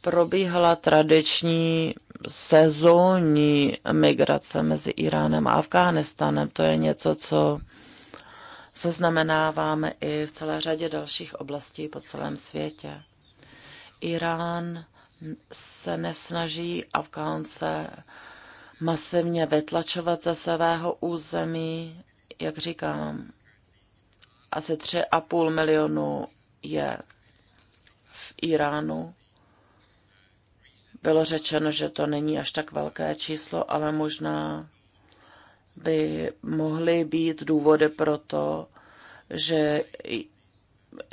probíhala tradiční sezónní migrace mezi Iránem a Afghánistánem. To je něco, co zaznamenáváme i v celé řadě dalších oblastí po celém světě. Irán se nesnaží Afgánce masivně vytlačovat ze svého území, jak říkám, asi 3,5 milionu je v Iránu. Bylo řečeno, že to není až tak velké číslo, ale možná by mohly být důvody pro to, že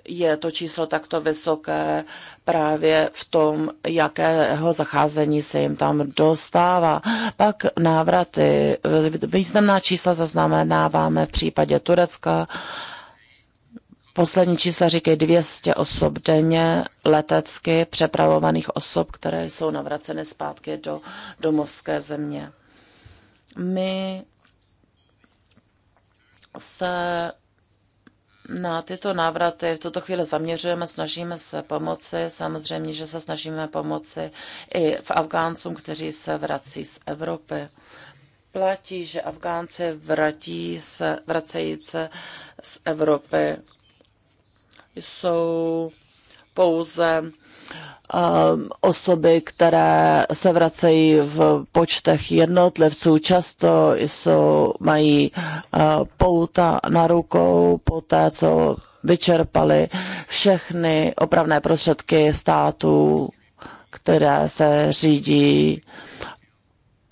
je to číslo takto vysoké právě v tom, jakého zacházení se jim tam dostává. Pak návraty, významná čísla zaznamenáváme v případě Turecka. Poslední čísla říkají 200 osob denně letecky přepravovaných osob, které jsou navraceny zpátky do domovské země. My se na tyto návraty v tuto chvíli zaměřujeme, snažíme se pomoci. Samozřejmě, že se snažíme pomoci i v Afgáncům, kteří se vrací z Evropy. Platí, že Afgánci vrací se, se z Evropy jsou pouze Eh, osoby, které se vracejí v počtech jednotlivců, často jsou, mají eh, pouta na rukou po té, co vyčerpali všechny opravné prostředky států, které se řídí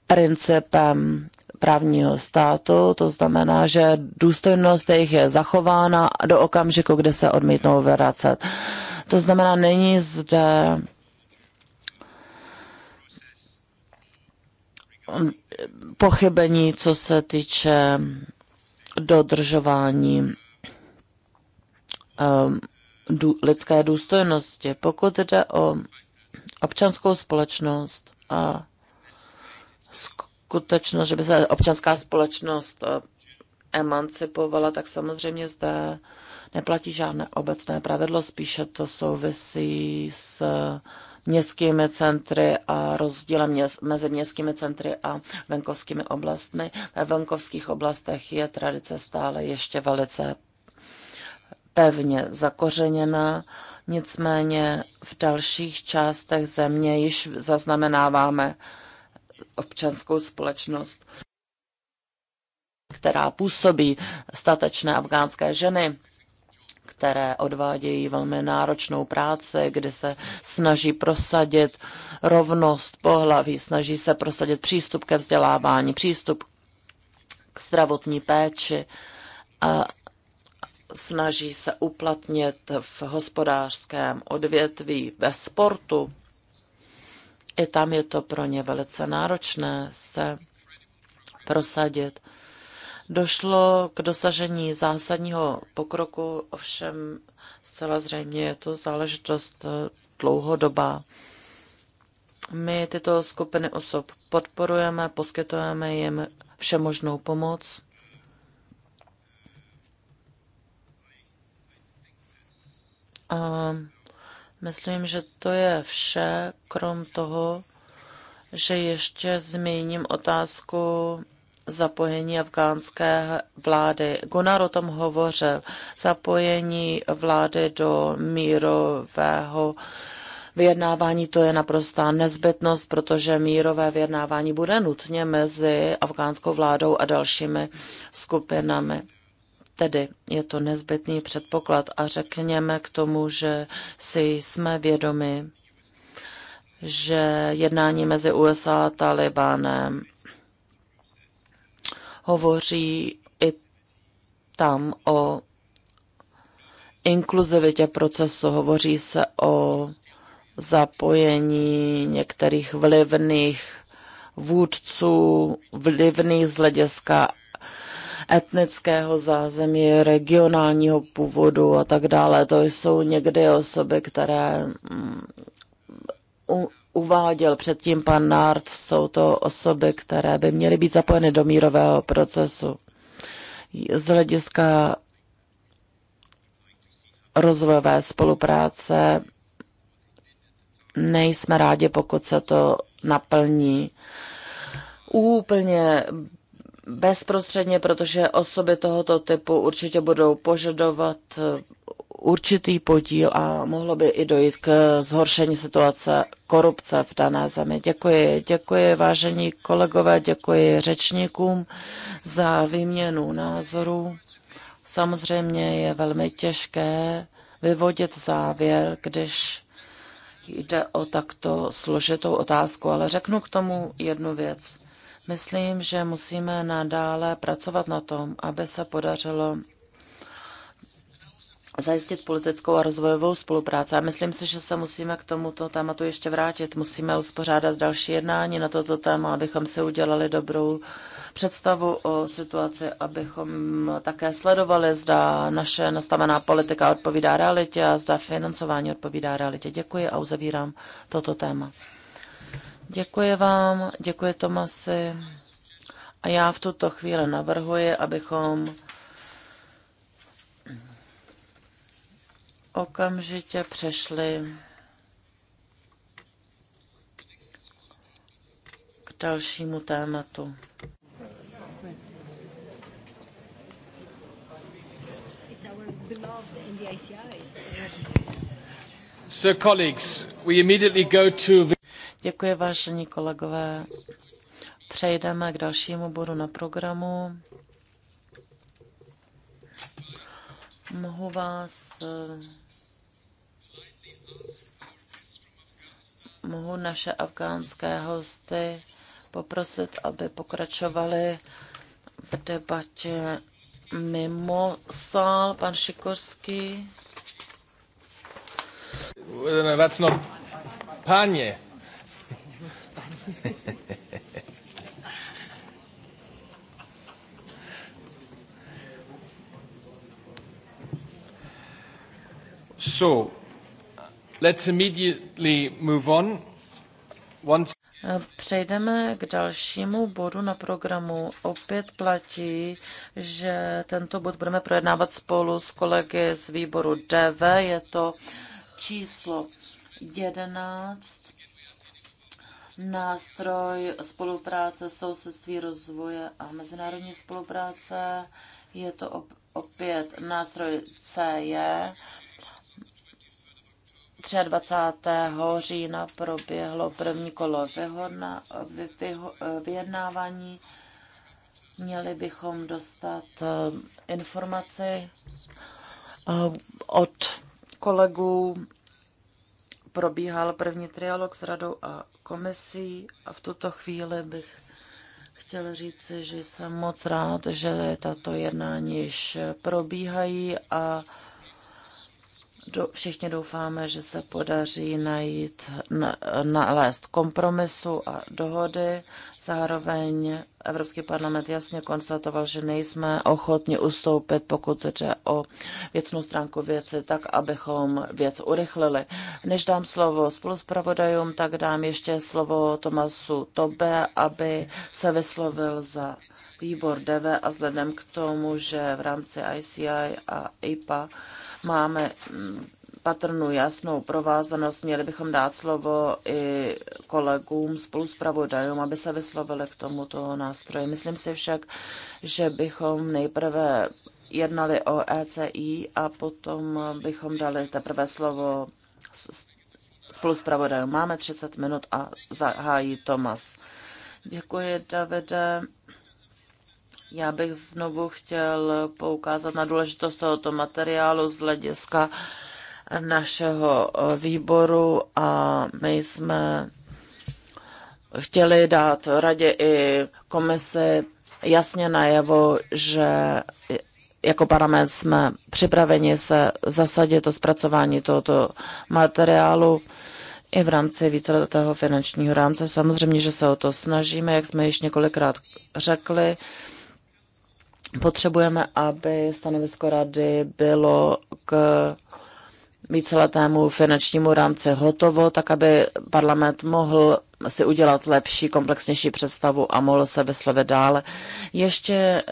principem právního státu, to znamená, že důstojnost jejich je zachována do okamžiku, kdy se odmítnou vracet. To znamená, není zde pochybení, co se týče dodržování ehm, lidské důstojnosti. Pokud jde o občanskou společnost a skutečnost, že by se občanská společnost eh, emancipovala, tak samozřejmě zde neplatí žádné obecné pravidlo, spíše to souvisí s eh, městskými centry a rozdílem měs, mezi městskými centry a venkovskými oblastmi. Ve venkovských oblastech je tradice stále ještě velice pevně zakořeněna, nicméně v dalších částech země již zaznamenáváme občanskou společnost, která působí statečné afgánské ženy, které odvádějí velmi náročnou práci, kde se snaží prosadit rovnost pohlaví, snaží se prosadit přístup ke vzdělávání, přístup k zdravotní péči a snaží se uplatnit v hospodářském odvětví, ve sportu. I tam je to pro ně velice náročné se prosadit. Došlo k dosažení zásadního pokroku, ovšem zcela zřejmě je to záležitost eh, dlouhodobá. My tyto skupiny osob podporujeme, poskytujeme jim všemožnou pomoc. A Myslím, že to je vše, krom toho, že ještě zmíním otázku zapojení afgánské vlády. Gunnar o tom hovořil. Zapojení vlády do mírového vyjednávání to je naprostá nezbytnost, protože mírové vyjednávání bude nutně mezi afgánskou vládou a dalšími skupinami. Tedy je to nezbytný předpoklad a řekněme k tomu, že si jsme vědomi, že jednání mezi USA a Talibánem hovoří i tam o inkluzivitě procesu, hovoří se o zapojení některých vlivných vůdců, vlivných z hlediska etnického zázemí, regionálního původu a tak dále. To jsou někdy osoby, které mm, uváděl předtím pan Nárt, jsou to osoby, které by měly být zapojeny do mírového procesu. Z hlediska rozvojové spolupráce nejsme rádi, pokud se to naplní. Úplně bezprostředně, protože osoby tohoto typu určitě budou požadovat eh, určitý podíl a mohlo by i dojít k zhoršení situace korupce v dané zemi. Děkuji, děkuji vážení kolegové, děkuji řečníkům za výměnu názorů. Samozřejmě je velmi těžké vyvodit závěr, když jde o takto složitou otázku, ale řeknu k tomu jednu věc. Myslím, že musíme nadále pracovat na tom, aby se podařilo zajistit politickou a rozvojovou spolupráci. A myslím si, že se musíme k tomuto tématu ještě vrátit. Musíme uspořádat další jednání na toto téma, abychom si udělali dobrou představu o situaci, abychom také sledovali, zda naše nastavená politika odpovídá realitě a zda financování odpovídá realitě. Děkuji a uzavírám toto téma. Děkuji vám, děkuji Tomasi. A já v tuto chvíli navrhuji, abychom okamžitě přešli k dalšímu tématu. Sir colleagues, we immediately go to Děkuji, vážení kolegové. Přejdeme k dalšímu bodu na programu. Mohu vás eh, mohu naše afgánské hosty poprosit, aby pokračovali v debatě mimo sál. Pan Šikorský. That's not... Páně, so, let's immediately move on. Once... Přejdeme k dalšímu bodu na programu. Opět platí, že tento bod budeme projednávat spolu s kolegy z výboru DV. Je to číslo 11 nástroj spolupráce, sousedství, rozvoje a mezinárodní spolupráce. Je to opět nástroj CJ. 23. října proběhlo první kolo vyhodna, vy, vy- vyjednávání. Měli bychom dostat eh, informaci eh, od kolegů. Probíhal první trialog s radou a komisí a v tuto chvíli bych chtěl říct, že jsem moc rád, že tato jednání již probíhají a do, všichni doufáme, že se podaří najít, nalézt kompromisu a dohody. Zároveň Evropský parlament jasně konstatoval, že nejsme ochotni ustoupit, pokud jde o věcnou stránku věci, tak abychom věc urychlili. Než dám slovo spoluzpravodajům, tak dám ještě slovo Tomasu Tobe, aby se vyslovil za výbor DV a vzhledem k tomu, že v rámci ICI a IPA máme mm, patrnou jasnou provázanost. Měli bychom dát slovo i kolegům, pravodajům, aby se vyslovili k tomuto nástroji. Myslím si však, že bychom nejprve jednali o ECI a potom bychom dali teprve slovo pravodajům. Máme 30 minut a zahájí Tomas. Děkuji, Davide. Já bych znovu chtěl poukázat na důležitost tohoto materiálu z hlediska uh, našeho výboru a my jsme chtěli dát radě i komisi jasně najevo, že jako parlament jsme připraveni se zasadit o zpracování tohoto materiálu i v rámci víceletého finančního rámce. Samozřejmě, že se o to snažíme, jak jsme již několikrát řekli. Potřebujeme, aby stanovisko rady bylo k celému finančnímu rámci hotovo, tak aby parlament mohl si udělat lepší, komplexnější představu a mohl se vyslovit dále. Ještě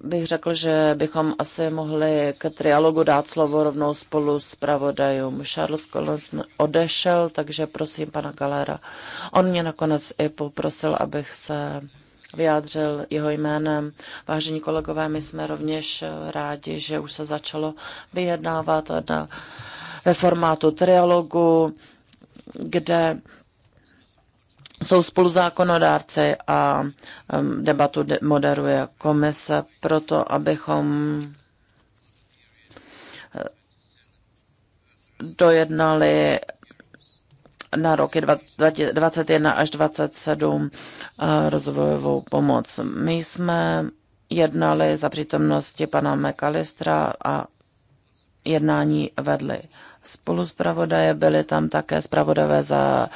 bych řekl, že bychom asi mohli k trialogu dát slovo rovnou spolu s pravodajům. Charles Collins odešel, takže prosím pana Galera. On mě nakonec i poprosil, abych se vyjádřil jeho jménem. Vážení kolegové, my jsme rovněž rádi, že už se začalo vyjednávat na, ve formátu trialogu, kde jsou spoluzákonodárci a um, debatu moderuje komise proto, abychom eh, dojednali na roky 2021 až 2027 eh, rozvojovou pomoc. My jsme jednali za přítomnosti pana Mekalistra a jednání vedli Spolu zpravodaje, byly tam také zpravodavé za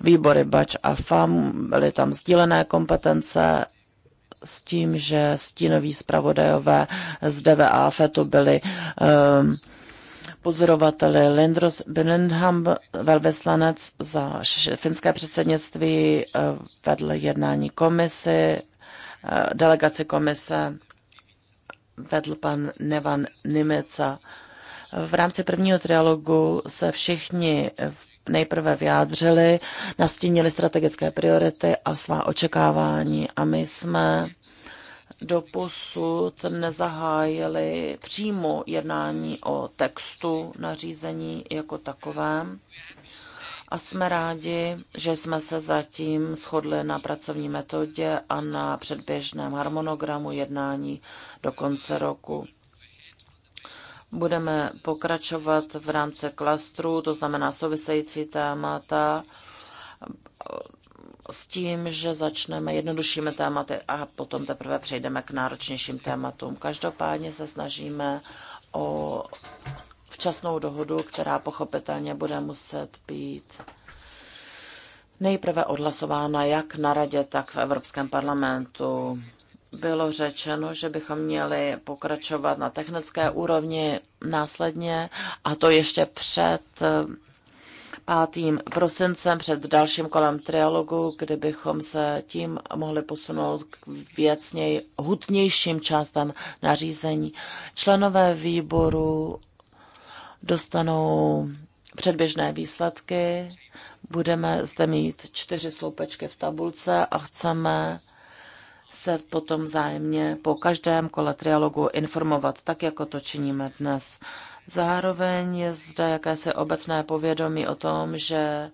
výbory Bač a FAM, byly tam sdílené kompetence s tím, že stínoví zpravodajové z DVA a FETu byli um, Pozorovatele Lindros Benenham, velveslanec za finské předsednictví, eh, vedl jednání komise, eh, delegaci komise vedl pan Nevan Nimeca. V rámci prvního trialogu se všichni nejprve vyjádřili, nastínili strategické priority a svá očekávání a my jsme doposud nezahájili přímo jednání o textu nařízení jako takovém a jsme rádi, že jsme se zatím shodli na pracovní metodě a na předběžném harmonogramu jednání do konce roku. Budeme pokračovat v rámci klastru, to znamená související témata, s tím, že začneme jednoduššími tématy a potom teprve přejdeme k náročnějším tématům. Každopádně se snažíme o včasnou dohodu, která pochopitelně bude muset být nejprve odhlasována jak na radě, tak v Evropském parlamentu. Bylo řečeno, že bychom měli pokračovat na technické úrovni následně a to ještě před 5. prosincem před dalším kolem trialogu, kdybychom se tím mohli posunout k věcněji hutnějším částem nařízení. Členové výboru dostanou předběžné výsledky, budeme zde mít čtyři sloupečky v tabulce a chceme se potom zájemně po každém kole trialogu informovat, tak jako to činíme dnes. Zároveň je zde jakési obecné povědomí o tom, že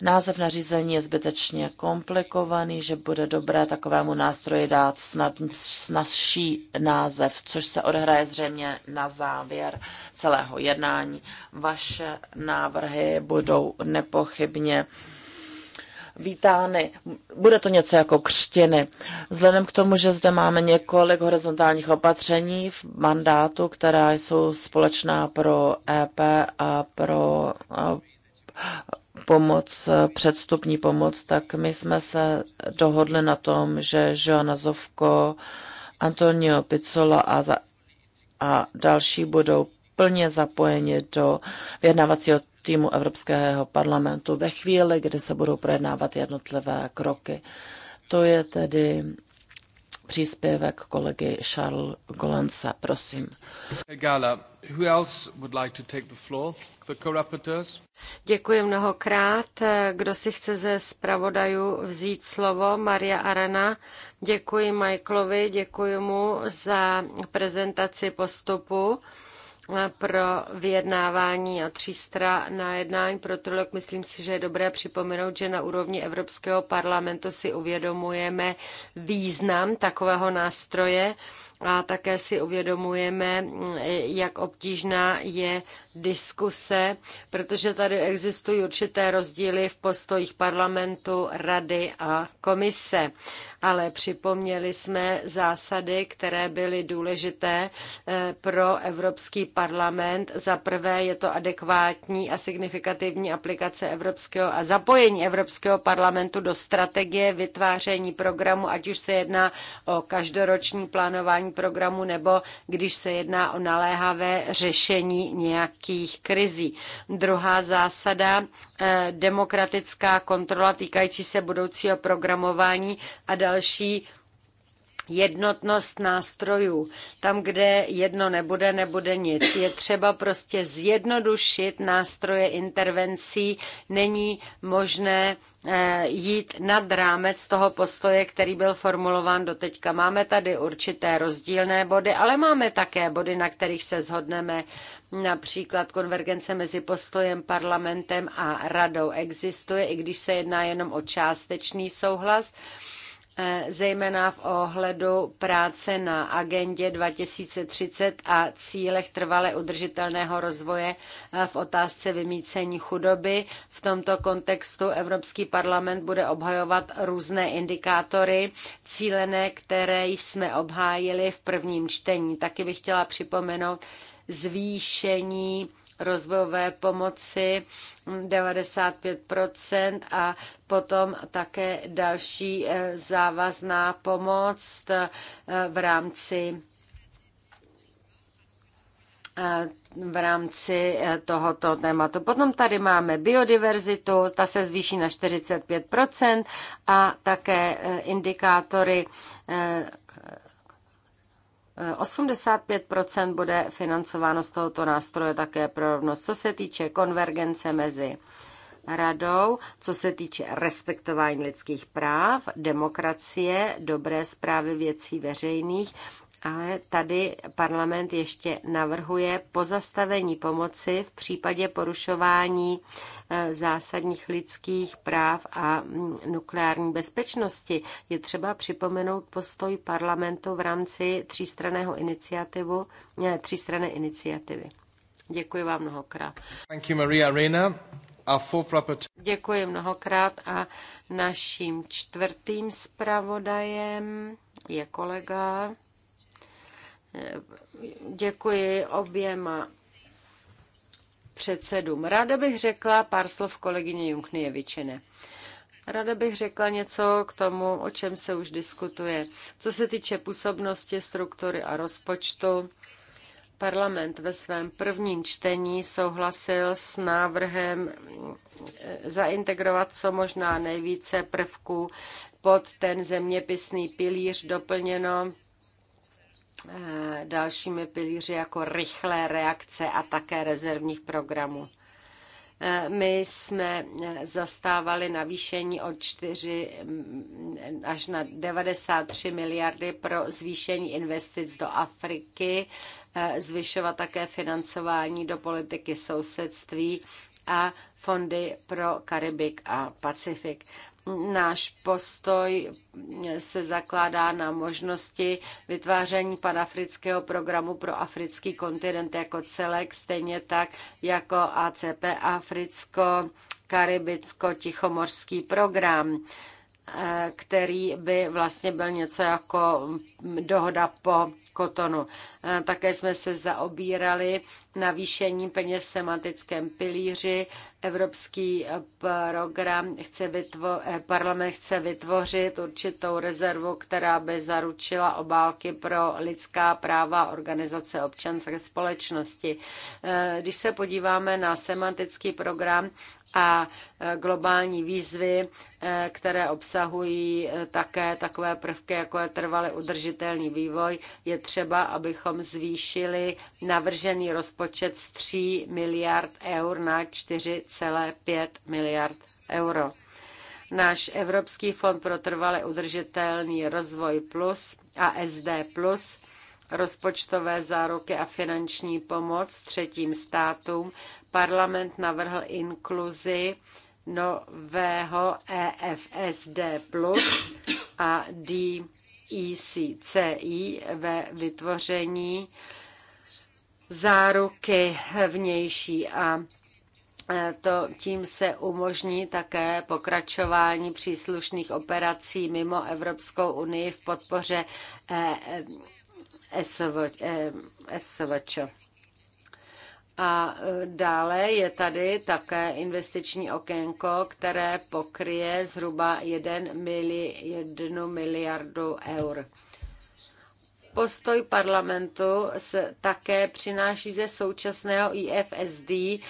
název nařízení je zbytečně komplikovaný, že bude dobré takovému nástroji dát snad, snazší název, což se odhraje zřejmě na závěr celého jednání. Vaše návrhy budou nepochybně vítány. Bude to něco jako křtiny. Vzhledem k tomu, že zde máme několik horizontálních opatření v mandátu, která jsou společná pro EP a pro pomoc, předstupní pomoc, tak my jsme se dohodli na tom, že Joana Zovko, Antonio Picola a, za, a další budou plně zapojeni do vyjednávacího týmu Evropského parlamentu ve chvíli, kdy se budou projednávat jednotlivé kroky. To je tedy příspěvek kolegy Charles Golansa, prosím. Děkuji mnohokrát. Kdo si chce ze zpravodajů vzít slovo? Maria Arena. Děkuji Michaelovi, děkuji mu za prezentaci postupu pro vyjednávání a třístra na jednání pro trilog. Myslím si, že je dobré připomenout, že na úrovni Evropského parlamentu si uvědomujeme význam takového nástroje a také si uvědomujeme, jak obtížná je diskuse, protože tady existují určité rozdíly v postojích parlamentu, rady a komise. Ale připomněli jsme zásady, které byly důležité eh, pro Evropský parlament. Za prvé je to adekvátní a signifikativní aplikace Evropského a zapojení Evropského parlamentu do strategie vytváření programu, ať už se jedná o každoroční plánování programu nebo když se jedná o naléhavé řešení nějakých krizí. Druhá zásada, eh, demokratická kontrola týkající se budoucího programování a další jednotnost nástrojů. Tam, kde jedno nebude, nebude nic. Je třeba prostě zjednodušit nástroje intervencí. Není možné eh, jít nad rámec toho postoje, který byl formulován do teďka. Máme tady určité rozdílné body, ale máme také body, na kterých se zhodneme. Například konvergence mezi postojem, parlamentem a radou existuje, i když se jedná jenom o částečný souhlas. Eh, zejména v ohledu práce na agendě 2030 a cílech trvale udržitelného rozvoje eh, v otázce vymícení chudoby. V tomto kontextu Evropský parlament bude obhajovat různé indikátory cílené, které jsme obhájili v prvním čtení. Taky bych chtěla připomenout zvýšení rozvojové pomoci 95% a potom také další eh, závazná pomoc eh, v rámci eh, v rámci tohoto tématu. Potom tady máme biodiverzitu, ta se zvýší na 45% a také indikátory 85 bude financováno z tohoto nástroje také pro rovnost. Co se týče konvergence mezi radou, co se týče respektování lidských práv, demokracie, dobré zprávy věcí veřejných ale tady parlament ještě navrhuje pozastavení pomoci v případě porušování eh, zásadních lidských práv a mm, nukleární bezpečnosti. Je třeba připomenout postoj parlamentu v rámci třístraného iniciativu, třístrané iniciativy. Děkuji vám mnohokrát. Thank you, Maria Arena. Děkuji mnohokrát a naším čtvrtým zpravodajem je kolega Děkuji oběma předsedům. Ráda bych řekla pár slov kolegyně Junknievičine. Ráda bych řekla něco k tomu, o čem se už diskutuje. Co se týče působnosti, struktury a rozpočtu, parlament ve svém prvním čtení souhlasil s návrhem eh, zaintegrovat co možná nejvíce prvků pod ten zeměpisný pilíř doplněno Eh, dalšími pilíři jako rychlé reakce a také rezervních programů. Eh, my jsme eh, zastávali navýšení od 4 mm, až na 93 miliardy pro zvýšení investic do Afriky, zvyšovat také financování do politiky sousedství a fondy pro Karibik a Pacifik. Náš postoj se zakládá na možnosti vytváření panafrického programu pro africký kontinent jako celek, stejně tak jako ACP Africko, Karibicko, Tichomorský program, eh, který by vlastně byl něco jako dohoda po kotonu. Eh, také jsme se zaobírali navýšením peněz v semantickém pilíři. Evropský eh, program chce vytvo- eh, parlament chce vytvořit určitou rezervu, která by zaručila obálky pro lidská práva organizace občanské společnosti. Když se podíváme na semantický program a globální výzvy, které obsahují také takové prvky, jako je trvalý udržitelný vývoj, je třeba, abychom zvýšili navržený rozpočet z 3 miliard eur na 4,5 miliard euro. Náš Evropský fond pro trvale udržitelný rozvoj plus a SD plus rozpočtové záruky a finanční pomoc třetím státům parlament navrhl inkluzi nového EFSD plus a D ICCI e ve vytvoření záruky vnější a e, to tím se umožní také pokračování příslušných operací mimo Evropskou unii v podpoře e, SVČ. A e, dále je tady také investiční okénko, které pokryje zhruba 1 miliardu eur. Postoj parlamentu se také přináší ze současného IFSD eh,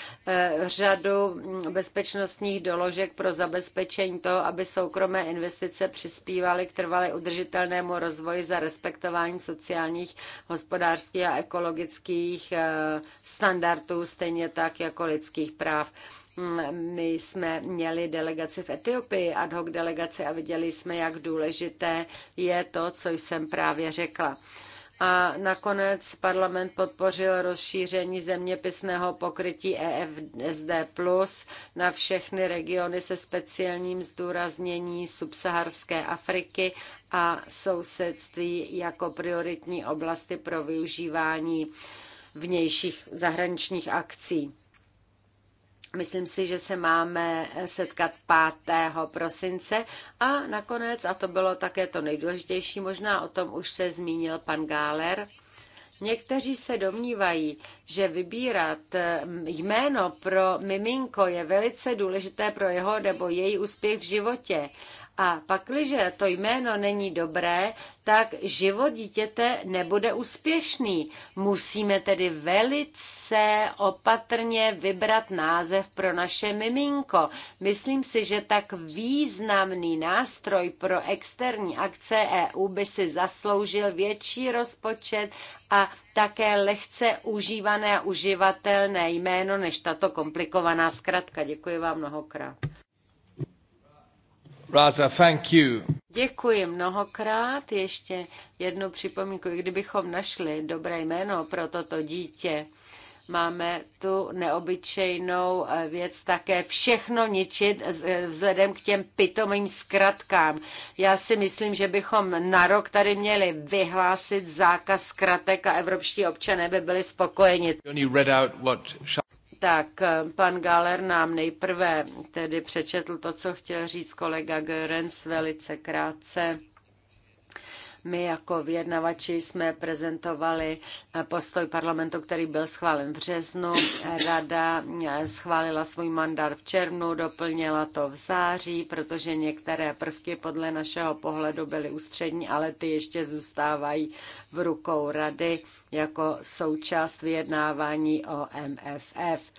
řadu bezpečnostních doložek pro zabezpečení toho, aby soukromé investice přispívaly k trvale udržitelnému rozvoji za respektování sociálních, hospodářských a ekologických eh, standardů, stejně tak jako lidských práv. Mm, my jsme měli delegaci v Etiopii, ad hoc delegaci a viděli jsme, jak důležité je to, co jsem právě řekla. A nakonec parlament podpořil rozšíření zeměpisného pokrytí EFSD plus na všechny regiony se speciálním zdůraznění subsaharské Afriky a sousedství jako prioritní oblasti pro využívání vnějších zahraničních akcí. Myslím si, že se máme setkat 5. prosince a nakonec, a to bylo také to nejdůležitější, možná o tom už se zmínil pan Gáler, Někteří se domnívají, že vybírat mm, jméno pro miminko je velice důležité pro jeho nebo její úspěch v životě. A pakliže to jméno není dobré, tak život dítěte nebude úspěšný. Musíme tedy velice opatrně vybrat název pro naše miminko. Myslím si, že tak významný nástroj pro externí akce EU by si zasloužil větší rozpočet a také lehce užívané a uživatelné jméno než tato komplikovaná zkratka. Děkuji vám mnohokrát. Raza, thank you. Děkuji mnohokrát. Ještě jednu připomínku, kdybychom našli dobré jméno pro toto dítě, máme tu neobyčejnou věc také všechno ničit vzhledem k těm pitomým zkratkám. Já si myslím, že bychom na rok tady měli vyhlásit zákaz zkratek a evropští občané by byli spokojeni. Tak pan Galer nám nejprve tedy přečetl to, co chtěl říct kolega Görens velice krátce. My jako vyjednavači jsme prezentovali eh, postoj parlamentu, který byl schválen v březnu. Rada eh, schválila svůj mandát v červnu, doplnila to v září, protože některé prvky podle našeho pohledu byly ústřední, ale ty ještě zůstávají v rukou rady jako součást vyjednávání o MFF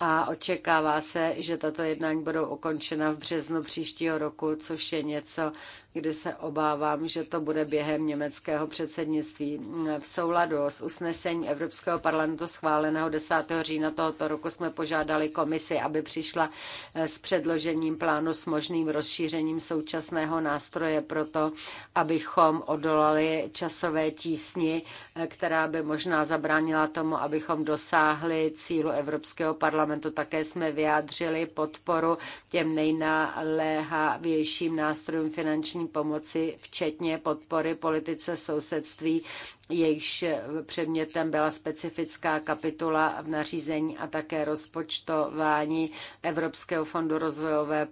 a očekává se, že tato jednání budou ukončena v březnu příštího roku, což je něco, kdy se obávám, že to bude během německého předsednictví. V souladu s usnesením Evropského parlamentu schváleného 10. října tohoto roku jsme požádali komisi, aby přišla eh, s předložením plánu s možným rozšířením současného nástroje proto, abychom odolali časové tísni, eh, která by možná zabránila tomu, abychom dosáhli cílu Evropského parlamentu. Také jsme vyjádřili podporu těm nejnaléhavějším nástrojům finanční humanitární pomoci, včetně podpory politice sousedství, jejichž předmětem byla specifická kapitula v nařízení a také rozpočtování Evropského fondu rozvojové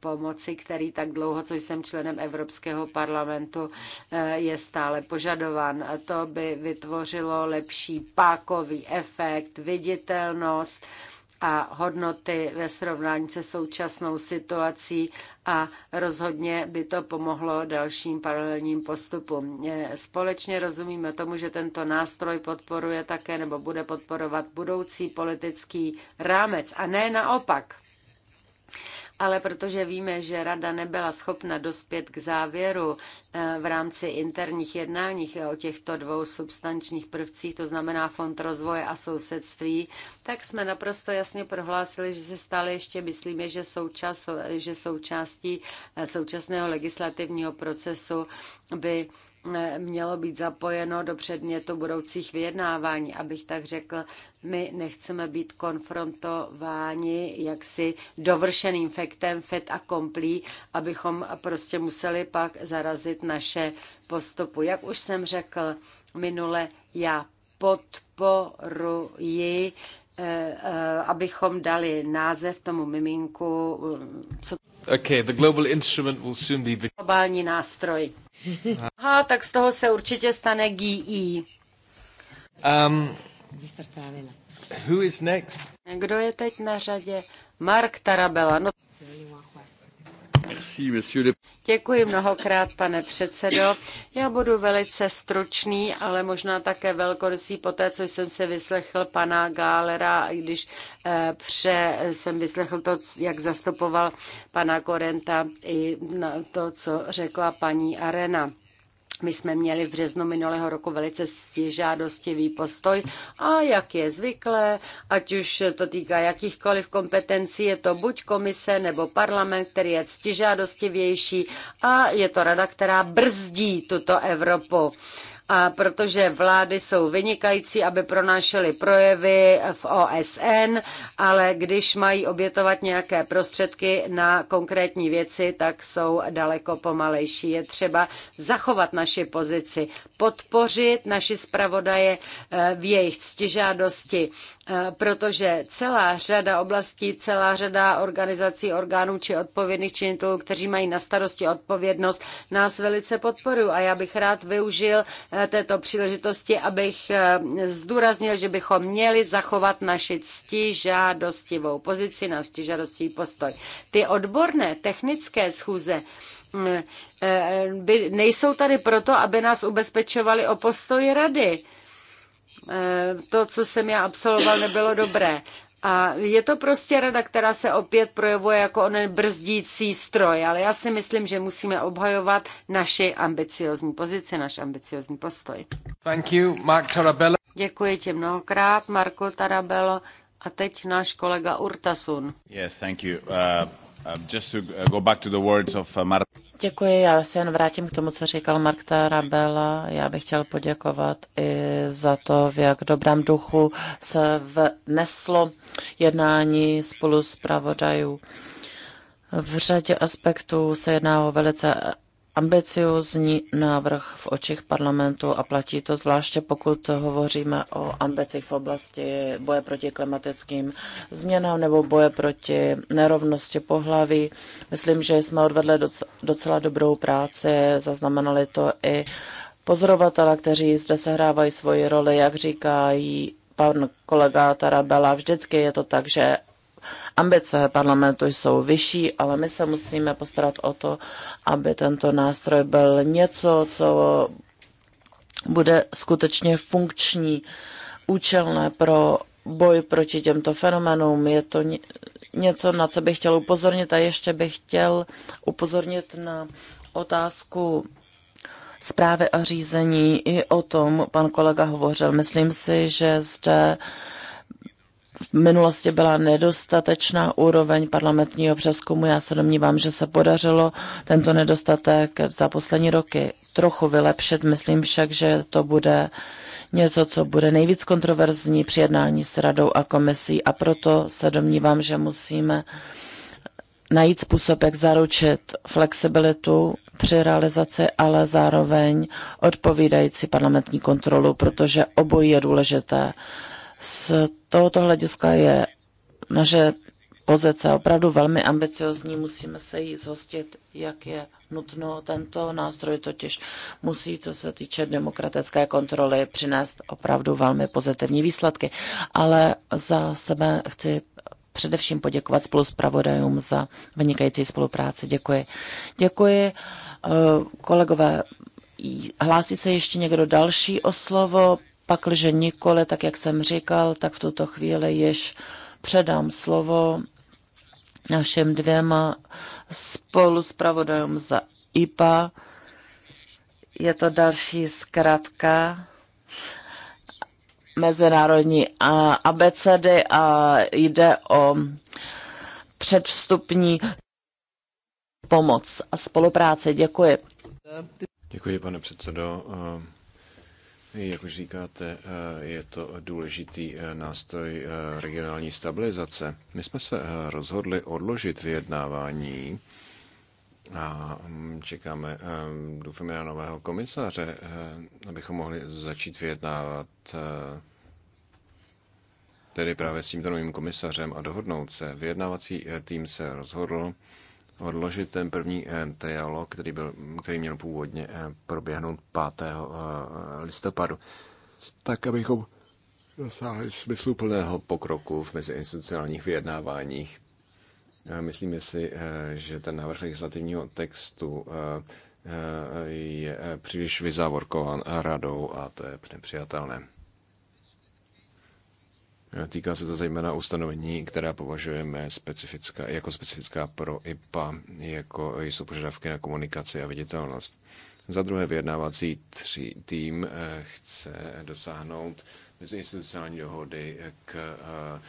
pomoci, který tak dlouho, co jsem členem Evropského parlamentu, eh, je stále požadován. To by vytvořilo lepší pákový efekt, viditelnost, a hodnoty ve srovnání se současnou situací a rozhodně by to pomohlo dalším paralelním postupům. Společně rozumíme tomu, že tento nástroj podporuje také nebo bude podporovat budoucí politický rámec a ne naopak ale protože víme, že rada nebyla schopna dospět k závěru eh, v rámci interních jednáních o těchto dvou substančních prvcích, to znamená Fond rozvoje a sousedství, tak jsme naprosto jasně prohlásili, že se stále ještě myslíme, že, součas, že součástí eh, současného legislativního procesu by mělo být zapojeno do předmětu budoucích vyjednávání. Abych tak řekl, my nechceme být konfrontováni jaksi dovršeným faktem Fed a komplí, abychom prostě museli pak zarazit naše postupu. Jak už jsem řekl minule, já podporuji eh, eh, abychom dali název tomu miminku. Eh, co... Okay, the global instrument will soon be... Globální nástroj. Aha, tak z toho se určitě stane GE. Um, who is next? Kdo je teď na řadě? Mark Tarabella. No, Děkuji mnohokrát, pane předsedo. Já budu velice stručný, ale možná také velkorysý po té, co jsem se vyslechl pana Gálera, a když eh, pře, jsem vyslechl to, jak zastupoval pana Korenta i to, co řekla paní Arena. My jsme měli v březnu minulého roku velice stěžádostivý postoj a jak je zvyklé, ať už to týká jakýchkoliv kompetencí, je to buď komise nebo parlament, který je stěžádostivější a je to rada, která brzdí tuto Evropu a protože vlády jsou vynikající, aby pronášely projevy v OSN, ale když mají obětovat nějaké prostředky na konkrétní věci, tak jsou daleko pomalejší. Je třeba zachovat naši pozici, podpořit naši zpravodaje eh, v jejich ctižádosti Eh, protože celá řada oblastí, celá řada organizací, orgánů či odpovědných činitelů, kteří mají na starosti odpovědnost, nás velice podporují. A já bych rád využil eh, této příležitosti, abych eh, zdůraznil, že bychom měli zachovat naši ctižádostivou pozici, na ctižádostivý postoj. Ty odborné technické schůze mm, by, nejsou tady proto, aby nás ubezpečovali o postoji rady Eh, to, co jsem já absolvoval, nebylo dobré. A je to prostě rada, která se opět projevuje jako onen brzdící stroj, ale já si myslím, že musíme obhajovat naši ambiciozní pozici, naš ambiciozní postoj. Thank you, Mark Děkuji ti mnohokrát, Marko Tarabello. A teď náš kolega Urtasun. Yes, thank you. Uh... Děkuji, já se jen vrátím k tomu, co říkal Mark Tarabella. Já bych chtěl poděkovat i za to, v jak dobrém duchu se vneslo jednání spolu s pravodajů. V řadě aspektů se jedná o velice ambiciozní návrh v očích parlamentu a platí to zvláště, pokud hovoříme o ambicích v oblasti boje proti klimatickým změnám nebo boje proti nerovnosti pohlaví. Myslím, že jsme odvedli docela dobrou práci, zaznamenali to i pozorovatele, kteří zde sehrávají svoji roli, jak říkají pan kolega Tarabela. Vždycky je to tak, že ambice parlamentu jsou vyšší, ale my se musíme postarat o to, aby tento nástroj byl něco, co bude skutečně funkční, účelné pro boj proti těmto fenoménům. Je to něco, na co bych chtěl upozornit a ještě bych chtěl upozornit na otázku zprávy a řízení. I o tom pan kolega hovořil. Myslím si, že zde v minulosti byla nedostatečná úroveň parlamentního přeskumu. Já se domnívám, že se podařilo tento nedostatek za poslední roky trochu vylepšit. Myslím však, že to bude něco, co bude nejvíc kontroverzní při jednání s radou a komisí a proto se domnívám, že musíme najít způsob, jak zaručit flexibilitu při realizaci, ale zároveň odpovídající parlamentní kontrolu, protože obojí je důležité. Z tohoto hlediska je naše pozice opravdu velmi ambiciozní, musíme se jí zhostit, jak je nutno. Tento nástroj totiž musí, co se týče demokratické kontroly, přinést opravdu velmi pozitivní výsledky. Ale za sebe chci především poděkovat spolu pravodajům za vynikající spolupráci. Děkuji. Děkuji. Eh, kolegové, hlásí se ještě někdo další o slovo? Pakliže nikoli, tak jak jsem říkal, tak v tuto chvíli již předám slovo našim dvěma spolu zpravodajům za IPA. Je to další zkratka mezinárodní abecedy a jde o předvstupní pomoc a spolupráci. Děkuji. Děkuji, pane předsedo. Jak už říkáte, eh, je to důležitý eh, nástroj eh, regionální stabilizace. My jsme se rozhodli odložit vyjednávání a mm, čekáme, doufáme na nového komisaře, abychom mohli začít vyjednávat tedy právě s tímto novým komisařem a dohodnout se. Vyjednávací tým se rozhodl, odložit ten první eh, trialog, který, byl, který měl původně eh, proběhnout 5. Eh, listopadu, tak abychom dosáhli plného pokroku v meziinstitucionálních vyjednáváních. Myslíme si, že ten návrh legislativního textu je příliš vyzávorkován radou a to je nepřijatelné. Týká se to zejména ustanovení, která považujeme specifická, jako specifická pro IPA, jako jsou požadavky na komunikaci a viditelnost. Za druhé vyjednávací tři, tým eh, chce dosáhnout institucionální dohody k eh,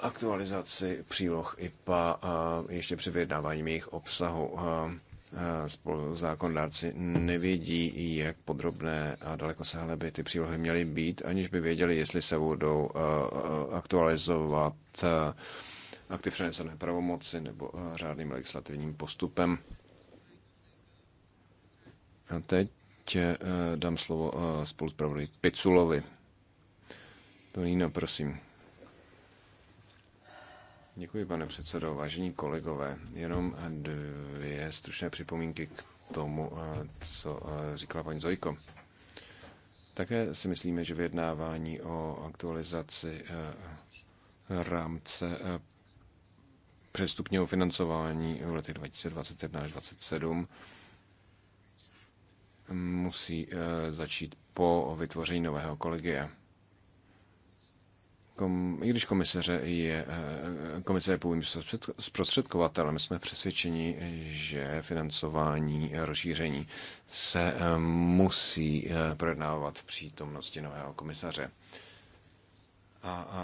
aktualizaci příloh IPA eh, ještě při vyjednávání jejich obsahu. Eh, zákonodárci nevědí, jak podrobné a sehle by ty přílohy měly být, aniž by věděli, jestli se budou eh, eh, aktualizovat aktiv přenesené pravomoci nebo řádným legislativním postupem. A teď dám slovo s Piculovi. Tonína, prosím. Děkuji, pane předsedo. Vážení kolegové, jenom dvě stručné připomínky k tomu, eh, co eh, říkala paní Zojko. Také si myslíme, že vyjednávání o aktualizaci eh, rámce přestupního financování v letech 2021 až 2027 musí začít po vytvoření nového kolegia kom, i když komiseře je, eh, komise je původním zprostředkovatelem, jsme přesvědčeni, že financování rozšíření se eh, musí eh, projednávat v přítomnosti nového komisaře. A, a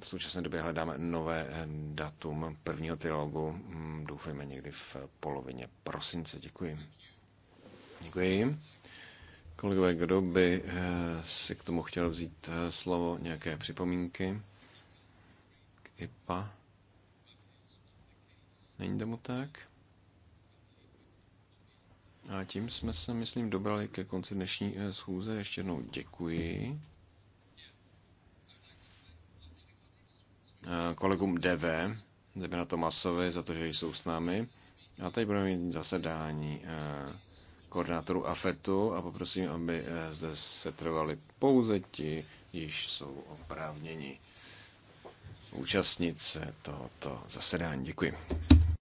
v současné době hledáme nové datum prvního trilogu. Hm, doufejme někdy v polovině prosince. Děkuji. Děkuji. Kolegové, kdo by eh, si k tomu chtěl vzít eh, slovo, nějaké připomínky k IPA? Není tomu tak? A tím jsme se, myslím, dobrali ke konci dnešní eh, schůze. Ještě jednou děkuji. Kolegům DV, zejména Tomasovi, za to, že jsou s námi. A teď budeme mít zasedání koordinátorů AFETu a poprosím, aby eh, zde se trvali pouze ti, již jsou oprávněni účastnit se tohoto zasedání. Děkuji.